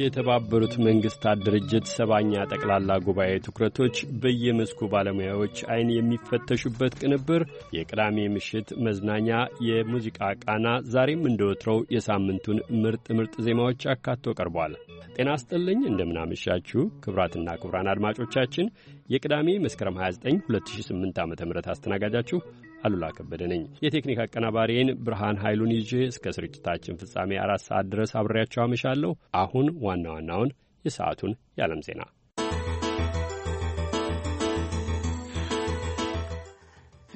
የተባበሩት መንግስታት ድርጅት ሰባኛ ጠቅላላ ጉባኤ ትኩረቶች በየመስኩ ባለሙያዎች አይን የሚፈተሹበት ቅንብር የቅዳሜ ምሽት መዝናኛ የሙዚቃ ቃና ዛሬም እንደወትረው የሳምንቱን ምርጥ ምርጥ ዜማዎች አካቶ ቀርቧል። ጤና ስጥልኝ፣ እንደምናመሻችሁ ክብራትና ክቡራን አድማጮቻችን የቅዳሜ መስከረም 29 2008 ዓ ም አስተናጋጃችሁ አሉላ ከበደ ነኝ። የቴክኒክ አቀናባሪን ብርሃን ኃይሉን ይዤ እስከ ስርጭታችን ፍጻሜ አራት ሰዓት ድረስ አብሬያቸው አመሻለሁ። አሁን ዋና ዋናውን የሰዓቱን የዓለም ዜና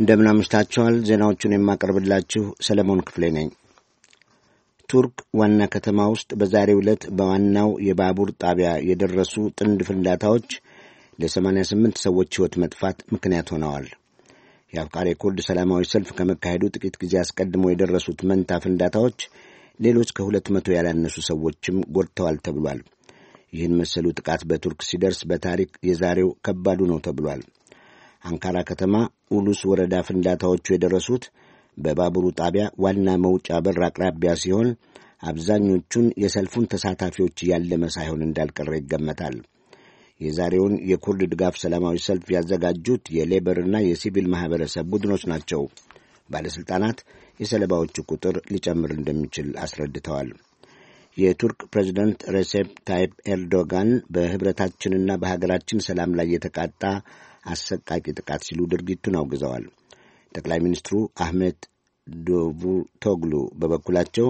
እንደምን አምሽታችኋል። ዜናዎቹን የማቀርብላችሁ ሰለሞን ክፍሌ ነኝ። ቱርክ ዋና ከተማ ውስጥ በዛሬ ዕለት በዋናው የባቡር ጣቢያ የደረሱ ጥንድ ፍንዳታዎች ለ88 ሰዎች ሕይወት መጥፋት ምክንያት ሆነዋል። የአፍቃሪ ኩርድ ሰላማዊ ሰልፍ ከመካሄዱ ጥቂት ጊዜ አስቀድሞ የደረሱት መንታ ፍንዳታዎች ሌሎች ከሁለት መቶ ያላነሱ ሰዎችም ጎድተዋል ተብሏል። ይህን መሰሉ ጥቃት በቱርክ ሲደርስ በታሪክ የዛሬው ከባዱ ነው ተብሏል። አንካራ ከተማ ኡሉስ ወረዳ ፍንዳታዎቹ የደረሱት በባቡሩ ጣቢያ ዋና መውጫ በር አቅራቢያ ሲሆን አብዛኞቹን የሰልፉን ተሳታፊዎች ያለመ ሳይሆን እንዳልቀረ ይገመታል። የዛሬውን የኩርድ ድጋፍ ሰላማዊ ሰልፍ ያዘጋጁት የሌበርና የሲቪል ማኅበረሰብ ቡድኖች ናቸው። ባለሥልጣናት የሰለባዎቹ ቁጥር ሊጨምር እንደሚችል አስረድተዋል። የቱርክ ፕሬዚደንት ሬሴፕ ታይፕ ኤርዶጋን በኅብረታችንና በሀገራችን ሰላም ላይ የተቃጣ አሰቃቂ ጥቃት ሲሉ ድርጊቱን አውግዘዋል። ጠቅላይ ሚኒስትሩ አህመት ዶቩቶግሉ በበኩላቸው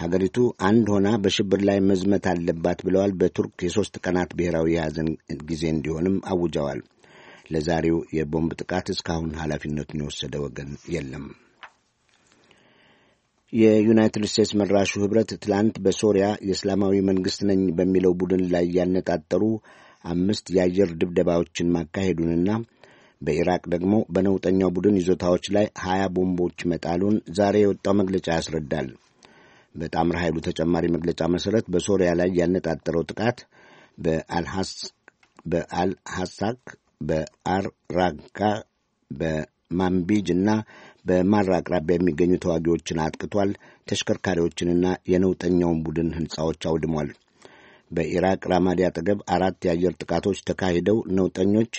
ሀገሪቱ አንድ ሆና በሽብር ላይ መዝመት አለባት ብለዋል። በቱርክ የሦስት ቀናት ብሔራዊ የሐዘን ጊዜ እንዲሆንም አውጀዋል። ለዛሬው የቦምብ ጥቃት እስካሁን ኃላፊነቱን የወሰደ ወገን የለም። የዩናይትድ ስቴትስ መድራሹ ኅብረት ትላንት በሶሪያ የእስላማዊ መንግሥት ነኝ በሚለው ቡድን ላይ ያነጣጠሩ አምስት የአየር ድብደባዎችን ማካሄዱንና በኢራቅ ደግሞ በነውጠኛው ቡድን ይዞታዎች ላይ ሀያ ቦምቦች መጣሉን ዛሬ የወጣው መግለጫ ያስረዳል። በጣምራ ኃይሉ ተጨማሪ መግለጫ መሰረት በሶሪያ ላይ ያነጣጠረው ጥቃት በአልሐሳክ፣ በአርራካ፣ በማምቢጅ እና በማራ አቅራቢያ የሚገኙ ተዋጊዎችን አጥቅቷል። ተሽከርካሪዎችንና የነውጠኛውን ቡድን ሕንፃዎች አውድሟል። በኢራቅ ራማዲ አጠገብ አራት የአየር ጥቃቶች ተካሂደው ነውጠኞች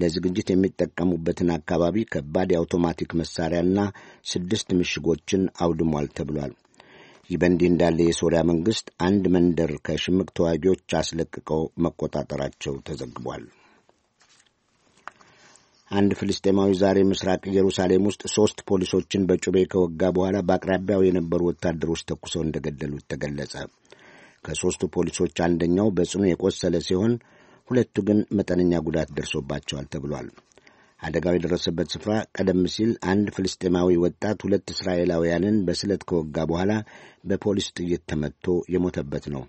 ለዝግጅት የሚጠቀሙበትን አካባቢ ከባድ የአውቶማቲክ መሳሪያና ስድስት ምሽጎችን አውድሟል ተብሏል። ይህ በእንዲህ እንዳለ የሶሪያ መንግሥት አንድ መንደር ከሽምቅ ተዋጊዎች አስለቅቀው መቆጣጠራቸው ተዘግቧል። አንድ ፍልስጤማዊ ዛሬ ምስራቅ ኢየሩሳሌም ውስጥ ሦስት ፖሊሶችን በጩቤ ከወጋ በኋላ በአቅራቢያው የነበሩ ወታደሮች ተኩሰው እንደገደሉት ተገለጸ። ከሦስቱ ፖሊሶች አንደኛው በጽኑ የቆሰለ ሲሆን ሁለቱ ግን መጠነኛ ጉዳት ደርሶባቸዋል ተብሏል። አደጋው የደረሰበት ስፍራ ቀደም ሲል አንድ ፍልስጤማዊ ወጣት ሁለት እስራኤላውያንን በስለት ከወጋ በኋላ በፖሊስ ጥይት ተመትቶ የሞተበት ነው።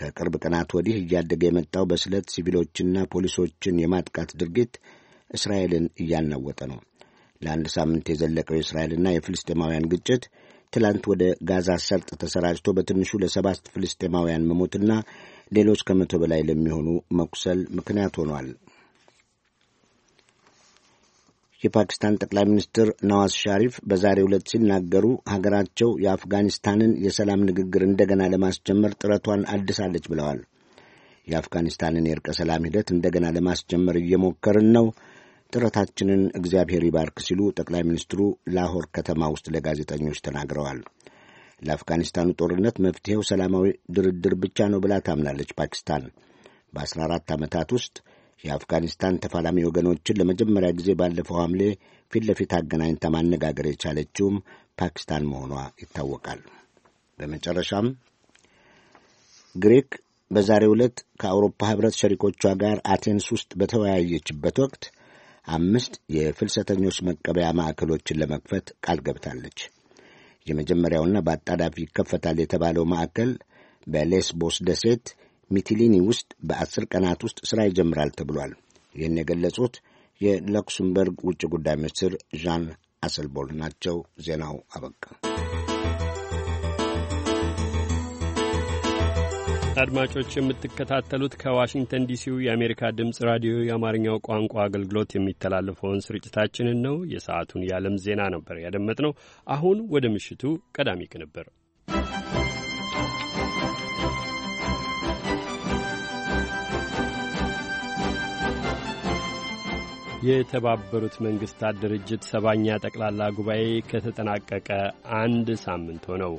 ከቅርብ ቀናት ወዲህ እያደገ የመጣው በስለት ሲቪሎችና ፖሊሶችን የማጥቃት ድርጊት እስራኤልን እያናወጠ ነው። ለአንድ ሳምንት የዘለቀው የእስራኤልና የፍልስጤማውያን ግጭት ትላንት ወደ ጋዛ ሰርጥ ተሰራጭቶ በትንሹ ለሰባት ፍልስጤማውያን መሞትና ሌሎች ከመቶ በላይ ለሚሆኑ መቁሰል ምክንያት ሆኗል። የፓኪስታን ጠቅላይ ሚኒስትር ነዋዝ ሻሪፍ በዛሬ ዕለት ሲናገሩ ሀገራቸው የአፍጋኒስታንን የሰላም ንግግር እንደገና ለማስጀመር ጥረቷን አድሳለች ብለዋል። የአፍጋኒስታንን የእርቀ ሰላም ሂደት እንደገና ለማስጀመር እየሞከርን ነው። ጥረታችንን እግዚአብሔር ይባርክ ሲሉ ጠቅላይ ሚኒስትሩ ላሆር ከተማ ውስጥ ለጋዜጠኞች ተናግረዋል። ለአፍጋኒስታኑ ጦርነት መፍትሔው ሰላማዊ ድርድር ብቻ ነው ብላ ታምናለች ፓኪስታን በ14 ዓመታት ውስጥ የአፍጋኒስታን ተፋላሚ ወገኖችን ለመጀመሪያ ጊዜ ባለፈው ሐምሌ ፊት ለፊት አገናኝታ ማነጋገር የቻለችውም ፓኪስታን መሆኗ ይታወቃል። በመጨረሻም ግሪክ በዛሬው ዕለት ከአውሮፓ ኅብረት ሸሪኮቿ ጋር አቴንስ ውስጥ በተወያየችበት ወቅት አምስት የፍልሰተኞች መቀበያ ማዕከሎችን ለመክፈት ቃል ገብታለች። የመጀመሪያውና በአጣዳፊ ይከፈታል የተባለው ማዕከል በሌስቦስ ደሴት ሚቲሊኒ ውስጥ በአስር ቀናት ውስጥ ሥራ ይጀምራል ተብሏል። ይህን የገለጹት የለክሱምበርግ ውጭ ጉዳይ ሚኒስትር ዣን አሰልቦል ናቸው። ዜናው አበቃ። አድማጮች የምትከታተሉት ከዋሽንግተን ዲሲው የአሜሪካ ድምፅ ራዲዮ የአማርኛው ቋንቋ አገልግሎት የሚተላለፈውን ስርጭታችንን ነው። የሰዓቱን የዓለም ዜና ነበር ያደመጥነው። አሁን ወደ ምሽቱ ቀዳሚ ቅንብር የተባበሩት መንግስታት ድርጅት ሰባኛ ጠቅላላ ጉባኤ ከተጠናቀቀ አንድ ሳምንት ሆነው።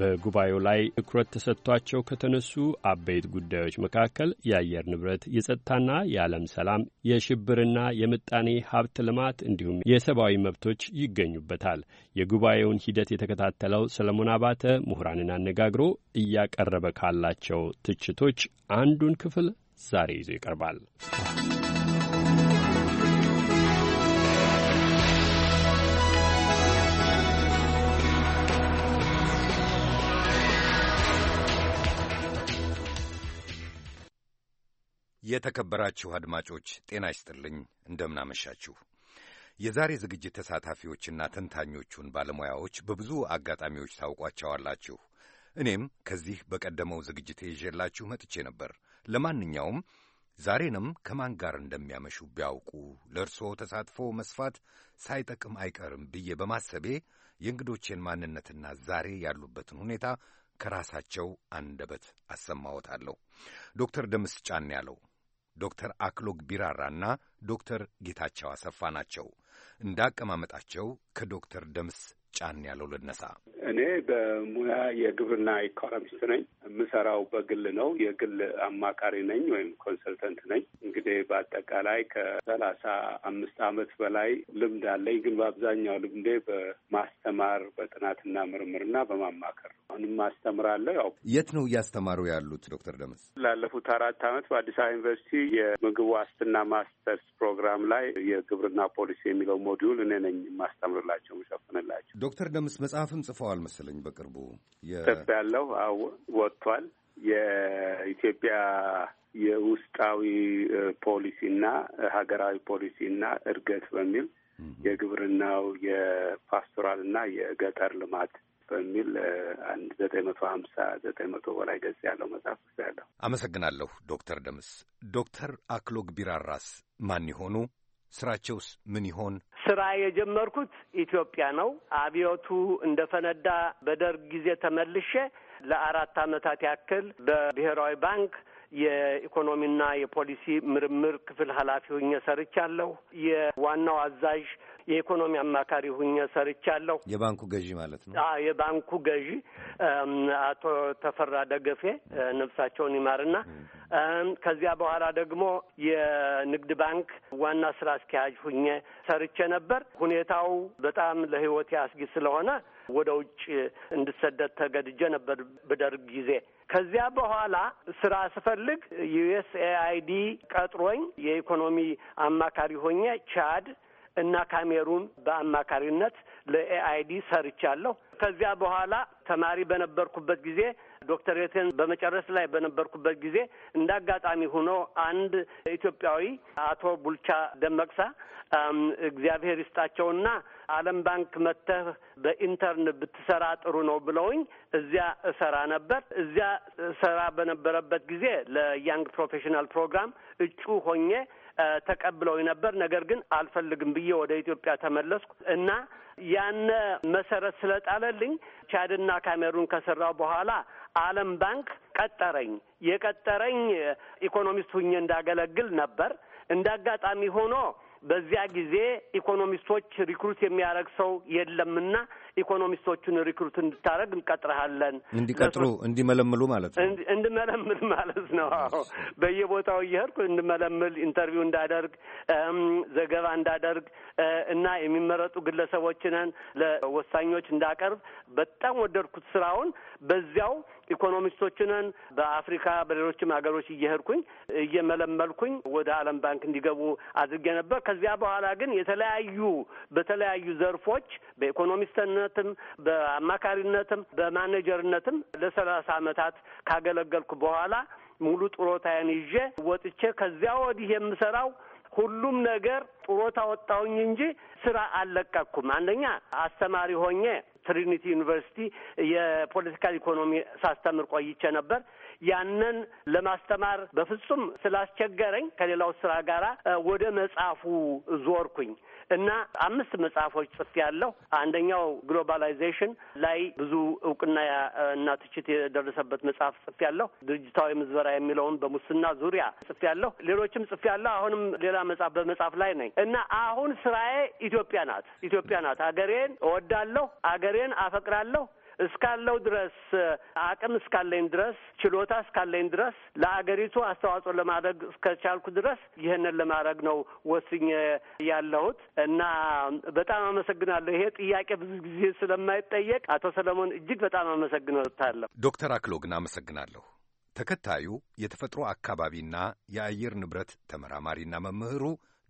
በጉባኤው ላይ ትኩረት ተሰጥቷቸው ከተነሱ አበይት ጉዳዮች መካከል የአየር ንብረት፣ የጸጥታና የዓለም ሰላም፣ የሽብርና የምጣኔ ሀብት ልማት እንዲሁም የሰብአዊ መብቶች ይገኙበታል። የጉባኤውን ሂደት የተከታተለው ሰለሞን አባተ ምሁራንን አነጋግሮ እያቀረበ ካላቸው ትችቶች አንዱን ክፍል ዛሬ ይዞ ይቀርባል። የተከበራችሁ አድማጮች ጤና ይስጥልኝ። እንደምናመሻችሁ። የዛሬ ዝግጅት ተሳታፊዎችና ተንታኞቹን ባለሙያዎች በብዙ አጋጣሚዎች ታውቋቸዋላችሁ። እኔም ከዚህ በቀደመው ዝግጅት ይዤላችሁ መጥቼ ነበር። ለማንኛውም ዛሬንም ከማን ጋር እንደሚያመሹ ቢያውቁ ለእርስዎ ተሳትፎ መስፋት ሳይጠቅም አይቀርም ብዬ በማሰቤ የእንግዶቼን ማንነትና ዛሬ ያሉበትን ሁኔታ ከራሳቸው አንደበት አሰማዎታለሁ። ዶክተር ደምስ ጫን ያለው ዶክተር አክሎግ ቢራራና ዶክተር ጌታቸው አሰፋ ናቸው። አቀማመጣቸው ከዶክተር ደምስ ጫን ያለው ልነሳ። እኔ በሙያ የግብርና ኢኮኖሚስት ነኝ። የምሰራው በግል ነው። የግል አማካሪ ነኝ ወይም ኮንሰልተንት ነኝ። እንግዲህ በአጠቃላይ ከሰላሳ አምስት ዓመት በላይ ልምድ አለኝ። ግን በአብዛኛው ልምዴ በማስተማር በጥናትና ምርምርና በማማከር ነው። አሁንም አስተምራለሁ። ያው የት ነው እያስተማሩ ያሉት ዶክተር ደምስ? ላለፉት አራት ዓመት በአዲስ አበባ ዩኒቨርሲቲ የምግብ ዋስትና ማስተርስ ፕሮግራም ላይ የግብርና ፖሊሲ የሚለው ሞዲውል እኔ ነኝ የማስተምርላቸው የምሸፍንላቸው ዶክተር ደምስ መጽሐፍም ጽፈዋል መሰለኝ በቅርቡ ጽፍ ያለው ወጥቷል። የኢትዮጵያ የውስጣዊ ፖሊሲና ሀገራዊ ፖሊሲና እድገት በሚል የግብርናው የፓስቶራልና የገጠር ልማት በሚል አንድ ዘጠኝ መቶ ሀምሳ ዘጠኝ መቶ በላይ ገጽ ያለው መጽሐፍ ያለው። አመሰግናለሁ ዶክተር ደምስ። ዶክተር አክሎግ ቢራራስ ማን ይሆኑ? ስራቸውስ ምን ይሆን? ስራ የጀመርኩት ኢትዮጵያ ነው። አብዮቱ እንደፈነዳ በደርግ ጊዜ ተመልሼ ለአራት ዓመታት ያክል በብሔራዊ ባንክ የኢኮኖሚና የፖሊሲ ምርምር ክፍል ኃላፊ ሁኜ ሰርቻለሁ። የዋናው አዛዥ የኢኮኖሚ አማካሪ ሁኜ ሰርቻለሁ። የባንኩ ገዢ ማለት ነው። የባንኩ ገዢ አቶ ተፈራ ደገፌ ነፍሳቸውን ይማርና ከዚያ በኋላ ደግሞ የንግድ ባንክ ዋና ስራ አስኪያጅ ሁኜ ሰርቼ ነበር። ሁኔታው በጣም ለሕይወቴ አስጊ ስለሆነ ወደ ውጭ እንድሰደድ ተገድጄ ነበር በደርግ ጊዜ። ከዚያ በኋላ ስራ ስፈልግ ዩኤስኤአይዲ ቀጥሮኝ የኢኮኖሚ አማካሪ ሆኜ ቻድ እና ካሜሩን በአማካሪነት ለኤአይዲ ሰርቻለሁ። ከዚያ በኋላ ተማሪ በነበርኩበት ጊዜ ዶክተሬትን በመጨረስ ላይ በነበርኩበት ጊዜ እንደ አጋጣሚ ሆኖ አንድ ኢትዮጵያዊ አቶ ቡልቻ ደመቅሳ እግዚአብሔር ይስጣቸውና ዓለም ባንክ መጥተህ በኢንተርን ብትሰራ ጥሩ ነው ብለውኝ እዚያ እሰራ ነበር። እዚያ እሰራ በነበረበት ጊዜ ለያንግ ፕሮፌሽናል ፕሮግራም እጩ ሆኜ ተቀብለውኝ ነበር። ነገር ግን አልፈልግም ብዬ ወደ ኢትዮጵያ ተመለስኩ እና ያነ መሰረት ስለጣለልኝ ቻድና ካሜሩን ከሰራው በኋላ ዓለም ባንክ ቀጠረኝ። የቀጠረኝ ኢኮኖሚስት ሁኜ እንዳገለግል ነበር። እንደ አጋጣሚ ሆኖ በዚያ ጊዜ ኢኮኖሚስቶች ሪክሩት የሚያደርግ ሰው የለምና ኢኮኖሚስቶቹን ሪክሩት እንድታደረግ እንቀጥረሃለን። እንዲቀጥሩ እንዲመለምሉ ማለት ነው። እንድመለምል ማለት ነው። አዎ በየቦታው እየሄድኩ እንድመለምል፣ ኢንተርቪው እንዳደርግ፣ ዘገባ እንዳደርግ እና የሚመረጡ ግለሰቦችንን ለወሳኞች እንዳቀርብ በጣም ወደድኩት ስራውን። በዚያው ኢኮኖሚስቶችንን በአፍሪካ በሌሎችም ሀገሮች እየሄድኩኝ እየመለመልኩኝ ወደ ዓለም ባንክ እንዲገቡ አድርጌ ነበር። ከዚያ በኋላ ግን የተለያዩ በተለያዩ ዘርፎች በኢኮኖሚስተን በኃላፊነትም በአማካሪነትም በማኔጀርነትም ለሰላሳ አመታት ካገለገልኩ በኋላ ሙሉ ጥሮታዬን ይዤ ወጥቼ ከዚያ ወዲህ የምሰራው ሁሉም ነገር ጥሮታ ወጣውኝ እንጂ ስራ አልለቀኩም። አንደኛ አስተማሪ ሆኜ ትሪኒቲ ዩኒቨርሲቲ የፖለቲካል ኢኮኖሚ ሳስተምር ቆይቼ ነበር። ያንን ለማስተማር በፍጹም ስላስቸገረኝ ከሌላው ስራ ጋራ ወደ መጽሐፉ ዞርኩኝ። እና አምስት መጽሐፎች ያለው አንደኛው ግሎባላይዜሽን ላይ ብዙ እውቅና እና ትችት የደረሰበት መጽሐፍ ያለው ድርጅታዊ ምዝበራ የሚለውን በሙስና ዙሪያ ጽፍ ያለው ሌሎችም ያለው አሁንም ሌላ መጽሐፍ በመጽሐፍ ላይ ነኝ እና አሁን ስራዬ ኢትዮጵያ ናት። ኢትዮጵያ ናት። ሀገሬን እወዳለሁ። ሀገሬን አፈቅራለሁ። እስካለው ድረስ አቅም እስካለኝ ድረስ ችሎታ እስካለኝ ድረስ ለአገሪቱ አስተዋጽኦ ለማድረግ እስከቻልኩ ድረስ ይህንን ለማድረግ ነው ወስኜ ያለሁት እና በጣም አመሰግናለሁ። ይሄ ጥያቄ ብዙ ጊዜ ስለማይጠየቅ አቶ ሰለሞን እጅግ በጣም አመሰግኖታለሁ። ዶክተር አክሎግን አመሰግናለሁ። ተከታዩ የተፈጥሮ አካባቢና የአየር ንብረት ተመራማሪና መምህሩ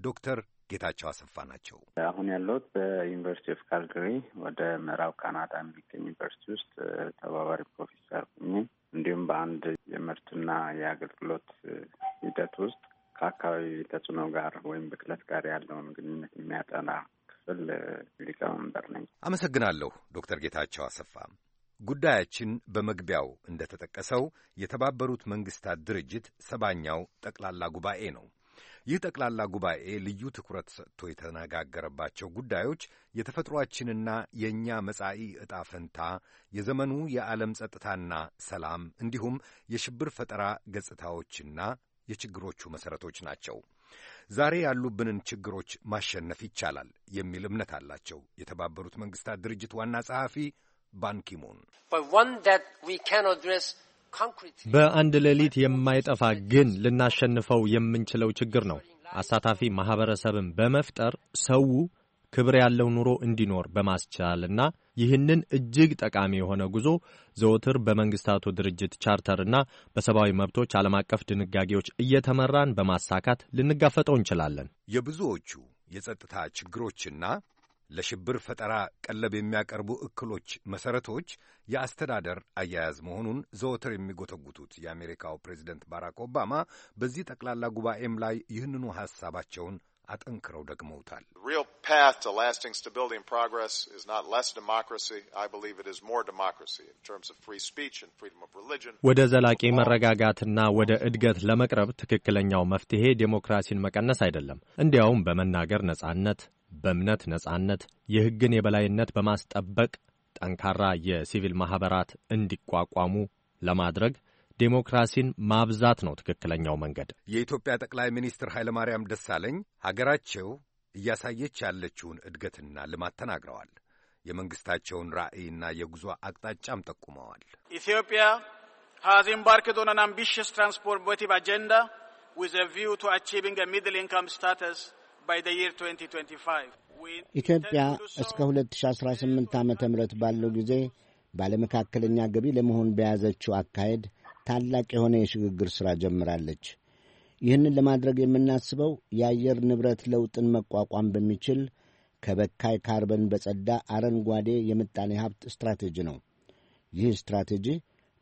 ዶክተር ጌታቸው አሰፋ ናቸው። አሁን ያለሁት በዩኒቨርሲቲ ኦፍ ካልግሪ ወደ ምዕራብ ካናዳ የሚገኝ ዩኒቨርሲቲ ውስጥ ተባባሪ ፕሮፌሰር ሆኜ እንዲሁም በአንድ የምርትና የአገልግሎት ሂደት ውስጥ ከአካባቢ ተጽዕኖ ጋር ወይም ብክለት ጋር ያለውን ግንኙነት የሚያጠና ክፍል ሊቀመንበር ነኝ። አመሰግናለሁ ዶክተር ጌታቸው አሰፋ። ጉዳያችን በመግቢያው እንደተጠቀሰው የተባበሩት መንግስታት ድርጅት ሰባኛው ጠቅላላ ጉባኤ ነው። ይህ ጠቅላላ ጉባኤ ልዩ ትኩረት ሰጥቶ የተነጋገረባቸው ጉዳዮች የተፈጥሯችንና የእኛ መጻኢ ዕጣ ፈንታ፣ የዘመኑ የዓለም ጸጥታና ሰላም እንዲሁም የሽብር ፈጠራ ገጽታዎችና የችግሮቹ መሠረቶች ናቸው። ዛሬ ያሉብንን ችግሮች ማሸነፍ ይቻላል የሚል እምነት አላቸው የተባበሩት መንግሥታት ድርጅት ዋና ጸሐፊ ባንኪሙን በአንድ ሌሊት የማይጠፋ ግን ልናሸንፈው የምንችለው ችግር ነው። አሳታፊ ማኅበረሰብን በመፍጠር ሰው ክብር ያለው ኑሮ እንዲኖር በማስቻልና ይህንን እጅግ ጠቃሚ የሆነ ጉዞ ዘወትር በመንግስታቱ ድርጅት ቻርተርና በሰብአዊ መብቶች ዓለም አቀፍ ድንጋጌዎች እየተመራን በማሳካት ልንጋፈጠው እንችላለን። የብዙዎቹ የጸጥታ ችግሮችና ለሽብር ፈጠራ ቀለብ የሚያቀርቡ እክሎች መሠረቶች የአስተዳደር አያያዝ መሆኑን ዘወትር የሚጎተጉቱት የአሜሪካው ፕሬዚደንት ባራክ ኦባማ በዚህ ጠቅላላ ጉባኤም ላይ ይህንኑ ሐሳባቸውን አጠንክረው ደግመውታል። ወደ ዘላቂ መረጋጋትና ወደ እድገት ለመቅረብ ትክክለኛው መፍትሄ ዴሞክራሲን መቀነስ አይደለም፣ እንዲያውም በመናገር ነጻነት፣ በእምነት ነጻነት የሕግን የበላይነት በማስጠበቅ ጠንካራ የሲቪል ማኅበራት እንዲቋቋሙ ለማድረግ ዴሞክራሲን ማብዛት ነው ትክክለኛው መንገድ። የኢትዮጵያ ጠቅላይ ሚኒስትር ኃይለማርያም ደሳለኝ ሀገራቸው እያሳየች ያለችውን እድገትና ልማት ተናግረዋል። የመንግሥታቸውን ራዕይና የጉዞ አቅጣጫም ጠቁመዋል። ኢትዮጵያ ሃዝ ኢምባርክድ ኦን አን አምቢሽስ ትራንስፎርሜቲቭ አጀንዳ ዊዝ ቪው ቱ አቺቪንግ ሚድል ኢንካም ስታተስ ኢትዮጵያ እስከ 2018 ዓ ም ባለው ጊዜ ባለመካከለኛ ገቢ ለመሆን በያዘችው አካሄድ ታላቅ የሆነ የሽግግር ሥራ ጀምራለች። ይህንን ለማድረግ የምናስበው የአየር ንብረት ለውጥን መቋቋም በሚችል ከበካይ ካርበን በጸዳ አረንጓዴ የምጣኔ ሀብት ስትራቴጂ ነው። ይህ ስትራቴጂ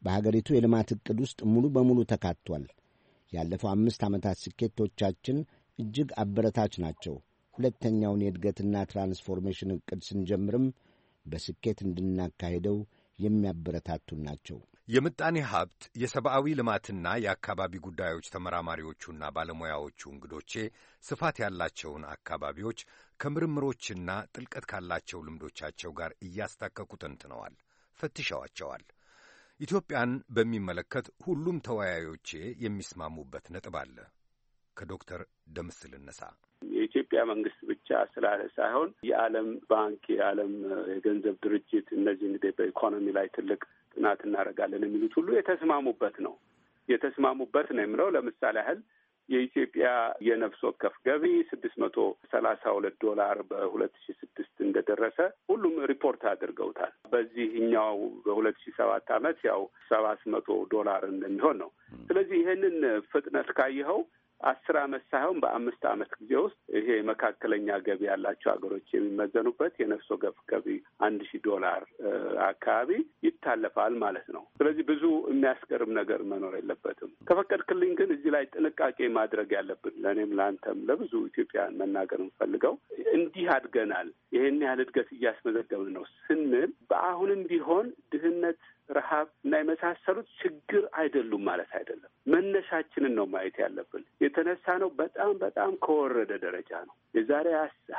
በሀገሪቱ የልማት ዕቅድ ውስጥ ሙሉ በሙሉ ተካቷል። ያለፈው አምስት ዓመታት ስኬቶቻችን እጅግ አበረታች ናቸው። ሁለተኛውን የእድገትና ትራንስፎርሜሽን ዕቅድ ስንጀምርም በስኬት እንድናካሄደው የሚያበረታቱን ናቸው። የምጣኔ ሀብት የሰብአዊ ልማትና የአካባቢ ጉዳዮች ተመራማሪዎቹና ባለሙያዎቹ እንግዶቼ ስፋት ያላቸውን አካባቢዎች ከምርምሮችና ጥልቀት ካላቸው ልምዶቻቸው ጋር እያስታከኩ ተንትነዋል፣ ፈትሸዋቸዋል። ኢትዮጵያን በሚመለከት ሁሉም ተወያዮቼ የሚስማሙበት ነጥብ አለ። ከዶክተር ደምስ ልነሳ። የኢትዮጵያ መንግስት ብቻ ስላለ ሳይሆን የዓለም ባንክ፣ የዓለም የገንዘብ ድርጅት እነዚህ እንግዲህ በኢኮኖሚ ላይ ትልቅ ጥናት እናደርጋለን የሚሉት ሁሉ የተስማሙበት ነው የተስማሙበት ነው የምለው ለምሳሌ ያህል የኢትዮጵያ የነፍስ ወከፍ ገቢ ስድስት መቶ ሰላሳ ሁለት ዶላር በሁለት ሺ ስድስት እንደደረሰ ሁሉም ሪፖርት አድርገውታል። በዚህኛው በሁለት ሺ ሰባት አመት ያው ሰባት መቶ ዶላር እንደሚሆን ነው። ስለዚህ ይህንን ፍጥነት ካየኸው አስር አመት ሳይሆን በአምስት አመት ጊዜ ውስጥ ይሄ መካከለኛ ገቢ ያላቸው ሀገሮች የሚመዘኑበት የነፍስ ወከፍ ገቢ አንድ ሺህ ዶላር አካባቢ ይታለፋል ማለት ነው። ስለዚህ ብዙ የሚያስገርም ነገር መኖር የለበትም። ከፈቀድክልኝ ግን እዚህ ላይ ጥንቃቄ ማድረግ ያለብን ለእኔም ለአንተም ለብዙ ኢትዮጵያን መናገር የምፈልገው እንዲህ አድገናል፣ ይህን ያህል እድገት እያስመዘገብን ነው ስንል በአሁንም ቢሆን ድህነት ረሃብ እና የመሳሰሉት ችግር አይደሉም ማለት አይደለም። መነሻችንን ነው ማየት ያለብን። የተነሳ ነው በጣም በጣም ከወረደ ደረጃ ነው። የዛሬ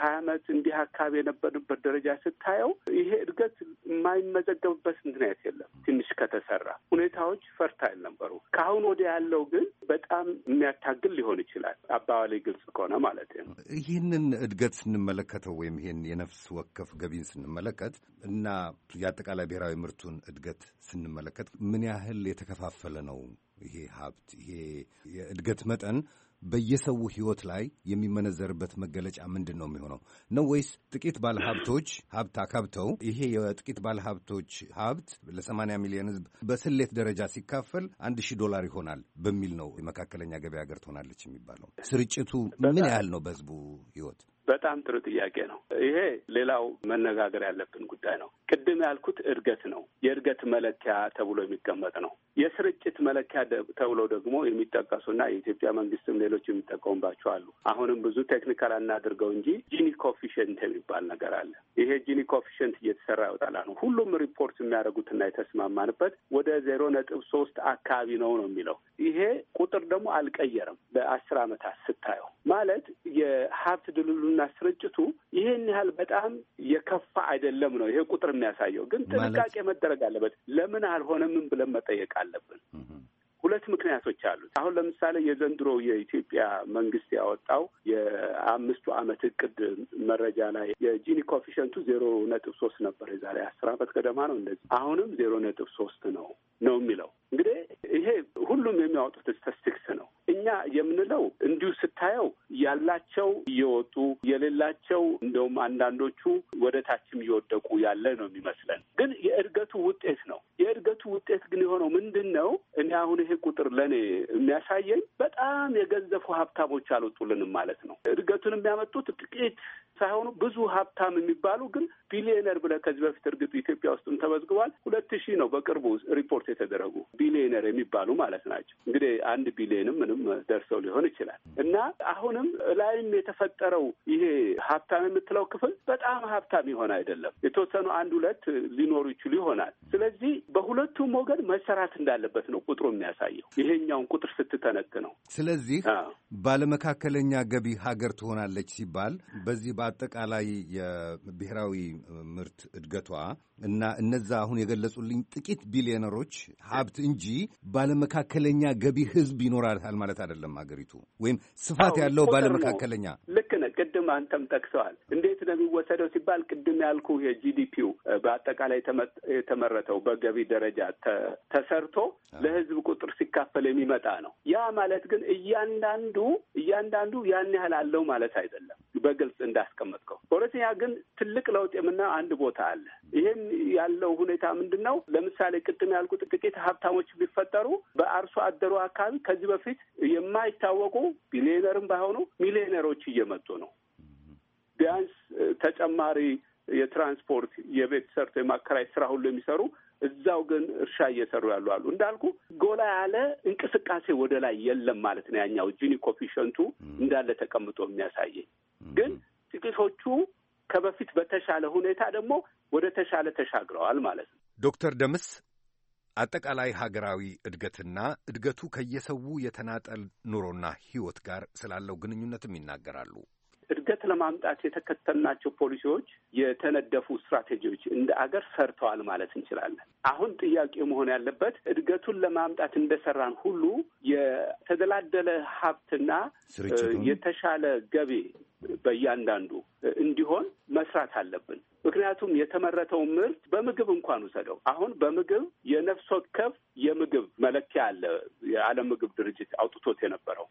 ሀያ ዓመት እንዲህ አካባቢ የነበርንበት ደረጃ ስታየው ይሄ እድገት የማይመዘገብበት ምክንያት የለም። ትንሽ ከተሰራ ሁኔታዎች ፈርታይል ነበሩ። ከአሁን ወደ ያለው ግን በጣም የሚያታግል ሊሆን ይችላል። አባባሌ ግልጽ ከሆነ ማለት ነው። ይህንን እድገት ስንመለከተው ወይም ይህን የነፍስ ወከፍ ገቢን ስንመለከት እና የአጠቃላይ ብሔራዊ ምርቱን እድገት ስንመለከት ምን ያህል የተከፋፈለ ነው ይሄ ሀብት ይሄ የእድገት መጠን በየሰው ህይወት ላይ የሚመነዘርበት መገለጫ ምንድን ነው የሚሆነው? ነው ወይስ ጥቂት ባለሀብቶች ሀብት አካብተው ይሄ የጥቂት ባለሀብቶች ሀብት ለ ሚሊዮን ህዝብ በስሌት ደረጃ ሲካፈል አንድ ሺህ ዶላር ይሆናል በሚል ነው የመካከለኛ ገበያ ሀገር ትሆናለች የሚባለው? ስርጭቱ ምን ያህል ነው በህዝቡ ህይወት? በጣም ጥሩ ጥያቄ ነው። ይሄ ሌላው መነጋገር ያለብን ጉዳይ ነው። ቅድም ያልኩት እድገት ነው። የእድገት መለኪያ ተብሎ የሚቀመጥ ነው። የስርጭት መለኪያ ተብሎ ደግሞ የሚጠቀሱና የኢትዮጵያ መንግስትም ሌሎች የሚጠቀሙባቸው አሉ። አሁንም ብዙ ቴክኒካል አናድርገው እንጂ ጂኒ ኮፊሽንት የሚባል ነገር አለ። ይሄ ጂኒ ኮፊሽንት እየተሰራ ይወጣል ነው። ሁሉም ሪፖርት የሚያደርጉትና የተስማማንበት ወደ ዜሮ ነጥብ ሶስት አካባቢ ነው ነው የሚለው ይሄ ቁጥር ደግሞ አልቀየረም በአስር አመታት ስታየው ማለት የሀብት ድልሉ እና ስርጭቱ ይህን ያህል በጣም የከፋ አይደለም ነው ይሄ ቁጥር የሚያሳየው። ግን ጥንቃቄ መደረግ አለበት። ለምን አልሆነምን ብለን መጠየቅ አለብን። ሁለት ምክንያቶች አሉት። አሁን ለምሳሌ የዘንድሮ የኢትዮጵያ መንግስት ያወጣው የአምስቱ ዓመት እቅድ መረጃ ላይ የጂኒ ኮፊሽንቱ ዜሮ ነጥብ ሶስት ነበር የዛሬ አስር ዓመት ገደማ ነው እንደዚህ። አሁንም ዜሮ ነጥብ ሶስት ነው ነው የሚለው እንግዲህ ይሄ ሁሉም የሚያወጡት ስታቲስቲክስ ነው። እኛ የምንለው እንዲሁ ስታየው ያላቸው እየወጡ የሌላቸው እንደውም አንዳንዶቹ ወደ ታችም እየወደቁ ያለ ነው የሚመስለን። ግን የእድገቱ ውጤት ነው። የእድገቱ ውጤት ግን የሆነው ምንድን ነው? እኔ አሁን ይሄ ቁጥር ለእኔ የሚያሳየኝ በጣም የገዘፉ ሀብታሞች አልወጡልንም ማለት ነው። እድገቱን የሚያመጡት ጥቂት ሳይሆኑ ብዙ ሀብታም የሚባሉ ግን ቢሊዮነር ብለህ ከዚህ በፊት እርግጥ ኢትዮጵያ ውስጥም ተመዝግቧል። ሁለት ሺህ ነው በቅርቡ ሪፖርት የተደረጉ ቢሊዮነር የሚባሉ ማለት ናቸው። እንግዲህ አንድ ቢሊዮንም ምንም ደርሰው ሊሆን ይችላል እና አሁንም ላይም የተፈጠረው ይሄ ሀብታም የምትለው ክፍል በጣም ሀብታም ይሆን አይደለም። የተወሰኑ አንድ ሁለት ሊኖሩ ይችሉ ይሆናል። ስለዚህ በሁለቱም ወገን መሰራት እንዳለበት ነው ቁጥሩ የሚያሳየው ይሄኛውን ቁጥር ስትተነክ ነው። ስለዚህ ባለመካከለኛ ገቢ ሀገር ትሆናለች ሲባል በዚህ አጠቃላይ የብሔራዊ ምርት እድገቷ እና እነዛ አሁን የገለጹልኝ ጥቂት ቢሊዮነሮች ሀብት እንጂ ባለመካከለኛ ገቢ ህዝብ ይኖራታል ማለት አይደለም ሀገሪቱ ወይም ስፋት ያለው ባለመካከለኛ ልክ ነህ። ቅድም አንተም ጠቅሰዋል። እንዴት ነው የሚወሰደው ሲባል ቅድም ያልኩ የጂዲፒው በአጠቃላይ የተመረተው በገቢ ደረጃ ተሰርቶ ለህዝብ ቁጥር ሲካፈል የሚመጣ ነው። ያ ማለት ግን እያንዳንዱ እያንዳንዱ ያን ያህል አለው ማለት አይደለም። በግልጽ እንዳስ ያስቀመጥከው። በሁለተኛ ግን ትልቅ ለውጥ የምና አንድ ቦታ አለ። ይህም ያለው ሁኔታ ምንድን ነው? ለምሳሌ ቅድም ያልኩት ጥቂት ሀብታሞች ቢፈጠሩ በአርሶ አደሩ አካባቢ ከዚህ በፊት የማይታወቁ ቢሊዮነርም ባይሆኑ ሚሊዮነሮች እየመጡ ነው። ቢያንስ ተጨማሪ የትራንስፖርት የቤት ሰርቶ የማከራይ ስራ ሁሉ የሚሰሩ እዛው ግን እርሻ እየሰሩ ያሉ አሉ። እንዳልኩ ጎላ ያለ እንቅስቃሴ ወደ ላይ የለም ማለት ነው። ያኛው ጂኒ ኮፊሽንቱ እንዳለ ተቀምጦ የሚያሳየኝ ግን ጥቂቶቹ ከበፊት በተሻለ ሁኔታ ደግሞ ወደ ተሻለ ተሻግረዋል ማለት ነው። ዶክተር ደምስ አጠቃላይ ሀገራዊ እድገትና እድገቱ ከየሰው የተናጠል ኑሮና ሕይወት ጋር ስላለው ግንኙነትም ይናገራሉ። እድገት ለማምጣት የተከተልናቸው ፖሊሲዎች፣ የተነደፉ ስትራቴጂዎች እንደ አገር ሰርተዋል ማለት እንችላለን። አሁን ጥያቄ መሆን ያለበት እድገቱን ለማምጣት እንደሰራን ሁሉ የተደላደለ ሀብትና የተሻለ ገቢ በእያንዳንዱ እንዲሆን መስራት አለብን። ምክንያቱም የተመረተው ምርት በምግብ እንኳን ውሰደው አሁን በምግብ የነፍስ ወከፍ የምግብ መለኪያ አለ። የዓለም ምግብ ድርጅት አውጥቶት የነበረው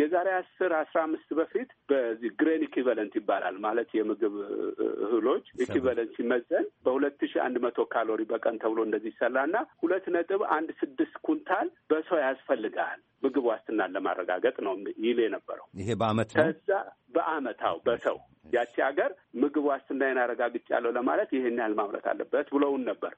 የዛሬ አስር አስራ አምስት በፊት በዚህ ግሬን ኢኪቨለንት ይባላል ማለት የምግብ እህሎች ኢኪቨለንት ሲመዘን በሁለት ሺ አንድ መቶ ካሎሪ በቀን ተብሎ እንደዚህ ይሰላና ሁለት ነጥብ አንድ ስድስት ኩንታል በሰው ያስፈልጋል ምግብ ዋስትናን ለማረጋገጥ ነው ይል የነበረው ይሄ በአመት ነው። ከዛ በአመት በአመታው በሰው ያቺ ሀገር ምግብ ዋስትናዬን አረጋግጬ ያለው ለማለት ይህን ያህል ማምረት አለበት ብለውን ነበር።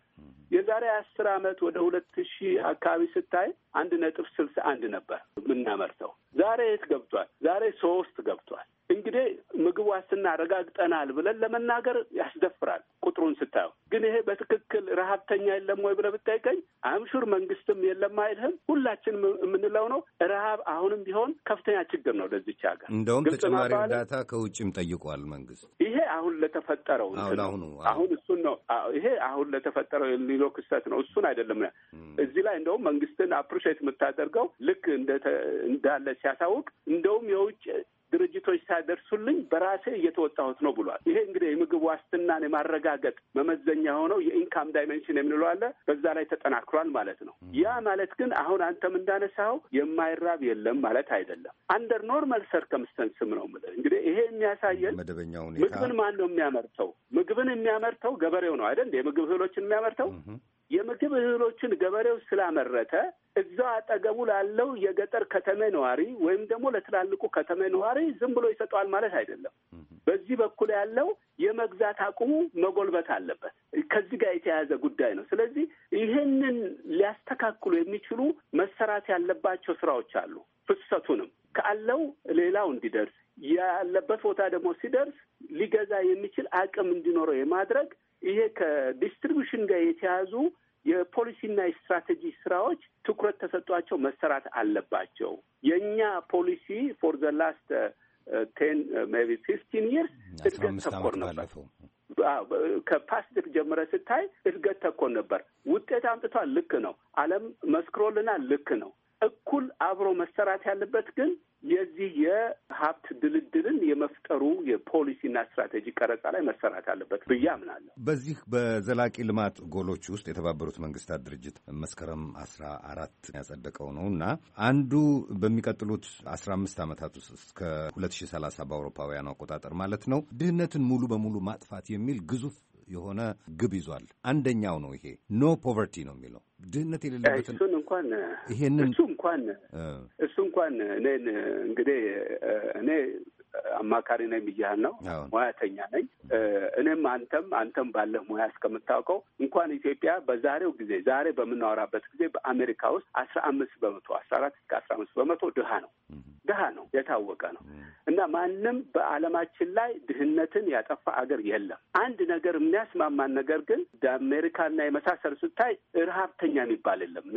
የዛሬ አስር አመት ወደ ሁለት ሺህ አካባቢ ስታይ አንድ ነጥብ ስልሳ አንድ ነበር የምናመርተው። ዛሬ የት ገብቷል? ዛሬ ሶስት ገብቷል። እንግዲህ ምግብ ዋስትና አረጋግጠናል ብለን ለመናገር ያስደፍራል። ቁጥሩን ስታየው ግን ይሄ በትክክል ረሀብተኛ የለም ወይ ብለህ ብታይቀኝ አምሹር መንግስትም የለም አይልህም። ሁላችንም የምንለው ነው። ረሀብ አሁንም ቢሆን ከፍተኛ ችግር ነው ለዚች ሀገር። እንደውም ተጨማሪ እርዳታ ከውጭም ጠይቋል መንግስት። ይሄ አሁን ለተፈጠረው አሁን አሁን እሱን ነው ይሄ አሁን ለተፈጠረው የኒሎ ክስተት ነው እሱን አይደለም። እዚህ ላይ እንደውም መንግስትን አፕሪሼት የምታደርገው ልክ እንዳለ ሲያሳውቅ እንደውም የውጭ ድርጅቶች ሳይደርሱልኝ በራሴ እየተወጣሁት ነው ብሏል። ይሄ እንግዲህ የምግብ ዋስትናን የማረጋገጥ መመዘኛ የሆነው የኢንካም ዳይመንሽን የምንለው አለ። በዛ ላይ ተጠናክሯል ማለት ነው። ያ ማለት ግን አሁን አንተም እንዳነሳው የማይራብ የለም ማለት አይደለም። አንደር ኖርማል ሰርከምስተንስም ነው የምልህ እንግዲህ ይሄ የሚያሳየን መደበኛ ሁኔታ ምግብን ማን ነው የሚያመርተው? ምግብን የሚያመርተው ገበሬው ነው አይደል? የምግብ እህሎችን የሚያመርተው የምግብ እህሎችን ገበሬው ስላመረተ እዛው አጠገቡ ላለው የገጠር ከተማ ነዋሪ ወይም ደግሞ ለትላልቁ ከተማ ነዋሪ ዝም ብሎ ይሰጠዋል ማለት አይደለም። በዚህ በኩል ያለው የመግዛት አቅሙ መጎልበት አለበት። ከዚህ ጋር የተያያዘ ጉዳይ ነው። ስለዚህ ይህንን ሊያስተካክሉ የሚችሉ መሰራት ያለባቸው ስራዎች አሉ። ፍሰቱንም ካለው ሌላው እንዲደርስ ያለበት ቦታ ደግሞ ሲደርስ ሊገዛ የሚችል አቅም እንዲኖረው የማድረግ ይሄ ከዲስትሪቢሽን ጋር የተያዙ የፖሊሲና የስትራቴጂ ስራዎች ትኩረት ተሰጧቸው መሰራት አለባቸው። የእኛ ፖሊሲ ፎር ዘ ላስት ቴን ቢ ፊፍቲን ይርስ እድገት ተኮር ነበር። ከፓስድክ ጀምረ ስታይ እድገት ተኮር ነበር። ውጤት አምጥቷል። ልክ ነው። አለም መስክሮልና ልክ ነው። እኩል አብሮ መሰራት ያለበት ግን የዚህ የሀብት ድልድልን የመፍጠሩ የፖሊሲና ስትራቴጂ ቀረጻ ላይ መሰራት አለበት ብዬ አምናለሁ። በዚህ በዘላቂ ልማት ጎሎች ውስጥ የተባበሩት መንግስታት ድርጅት መስከረም አስራ አራት ያጸደቀው ነው እና አንዱ በሚቀጥሉት አስራ አምስት ዓመታት ውስጥ እስከ ሁለት ሺ ሰላሳ በአውሮፓውያኑ አቆጣጠር ማለት ነው ድህነትን ሙሉ በሙሉ ማጥፋት የሚል ግዙፍ የሆነ ግብ ይዟል። አንደኛው ነው ይሄ ኖ ፖቨርቲ ነው የሚለው ድህነት የሌለበትን እሱን እንኳን ይሄንን እሱ እንኳን እሱ እንኳን እኔን እንግዲህ እኔ አማካሪ ነኝ ብያህል ነው። ሙያተኛ ነኝ። እኔም አንተም አንተም ባለህ ሙያ እስከምታውቀው እንኳን ኢትዮጵያ በዛሬው ጊዜ ዛሬ በምናወራበት ጊዜ በአሜሪካ ውስጥ አስራ አምስት በመቶ አስራ አራት እስከ አስራ አምስት በመቶ ድሃ ነው ድሃ ነው የታወቀ ነው እና ማንም በዓለማችን ላይ ድህነትን ያጠፋ አገር የለም። አንድ ነገር የሚያስማማን ነገር ግን አሜሪካና የመሳሰሉ ስታይ ረሀብተኛ የሚባል የለም።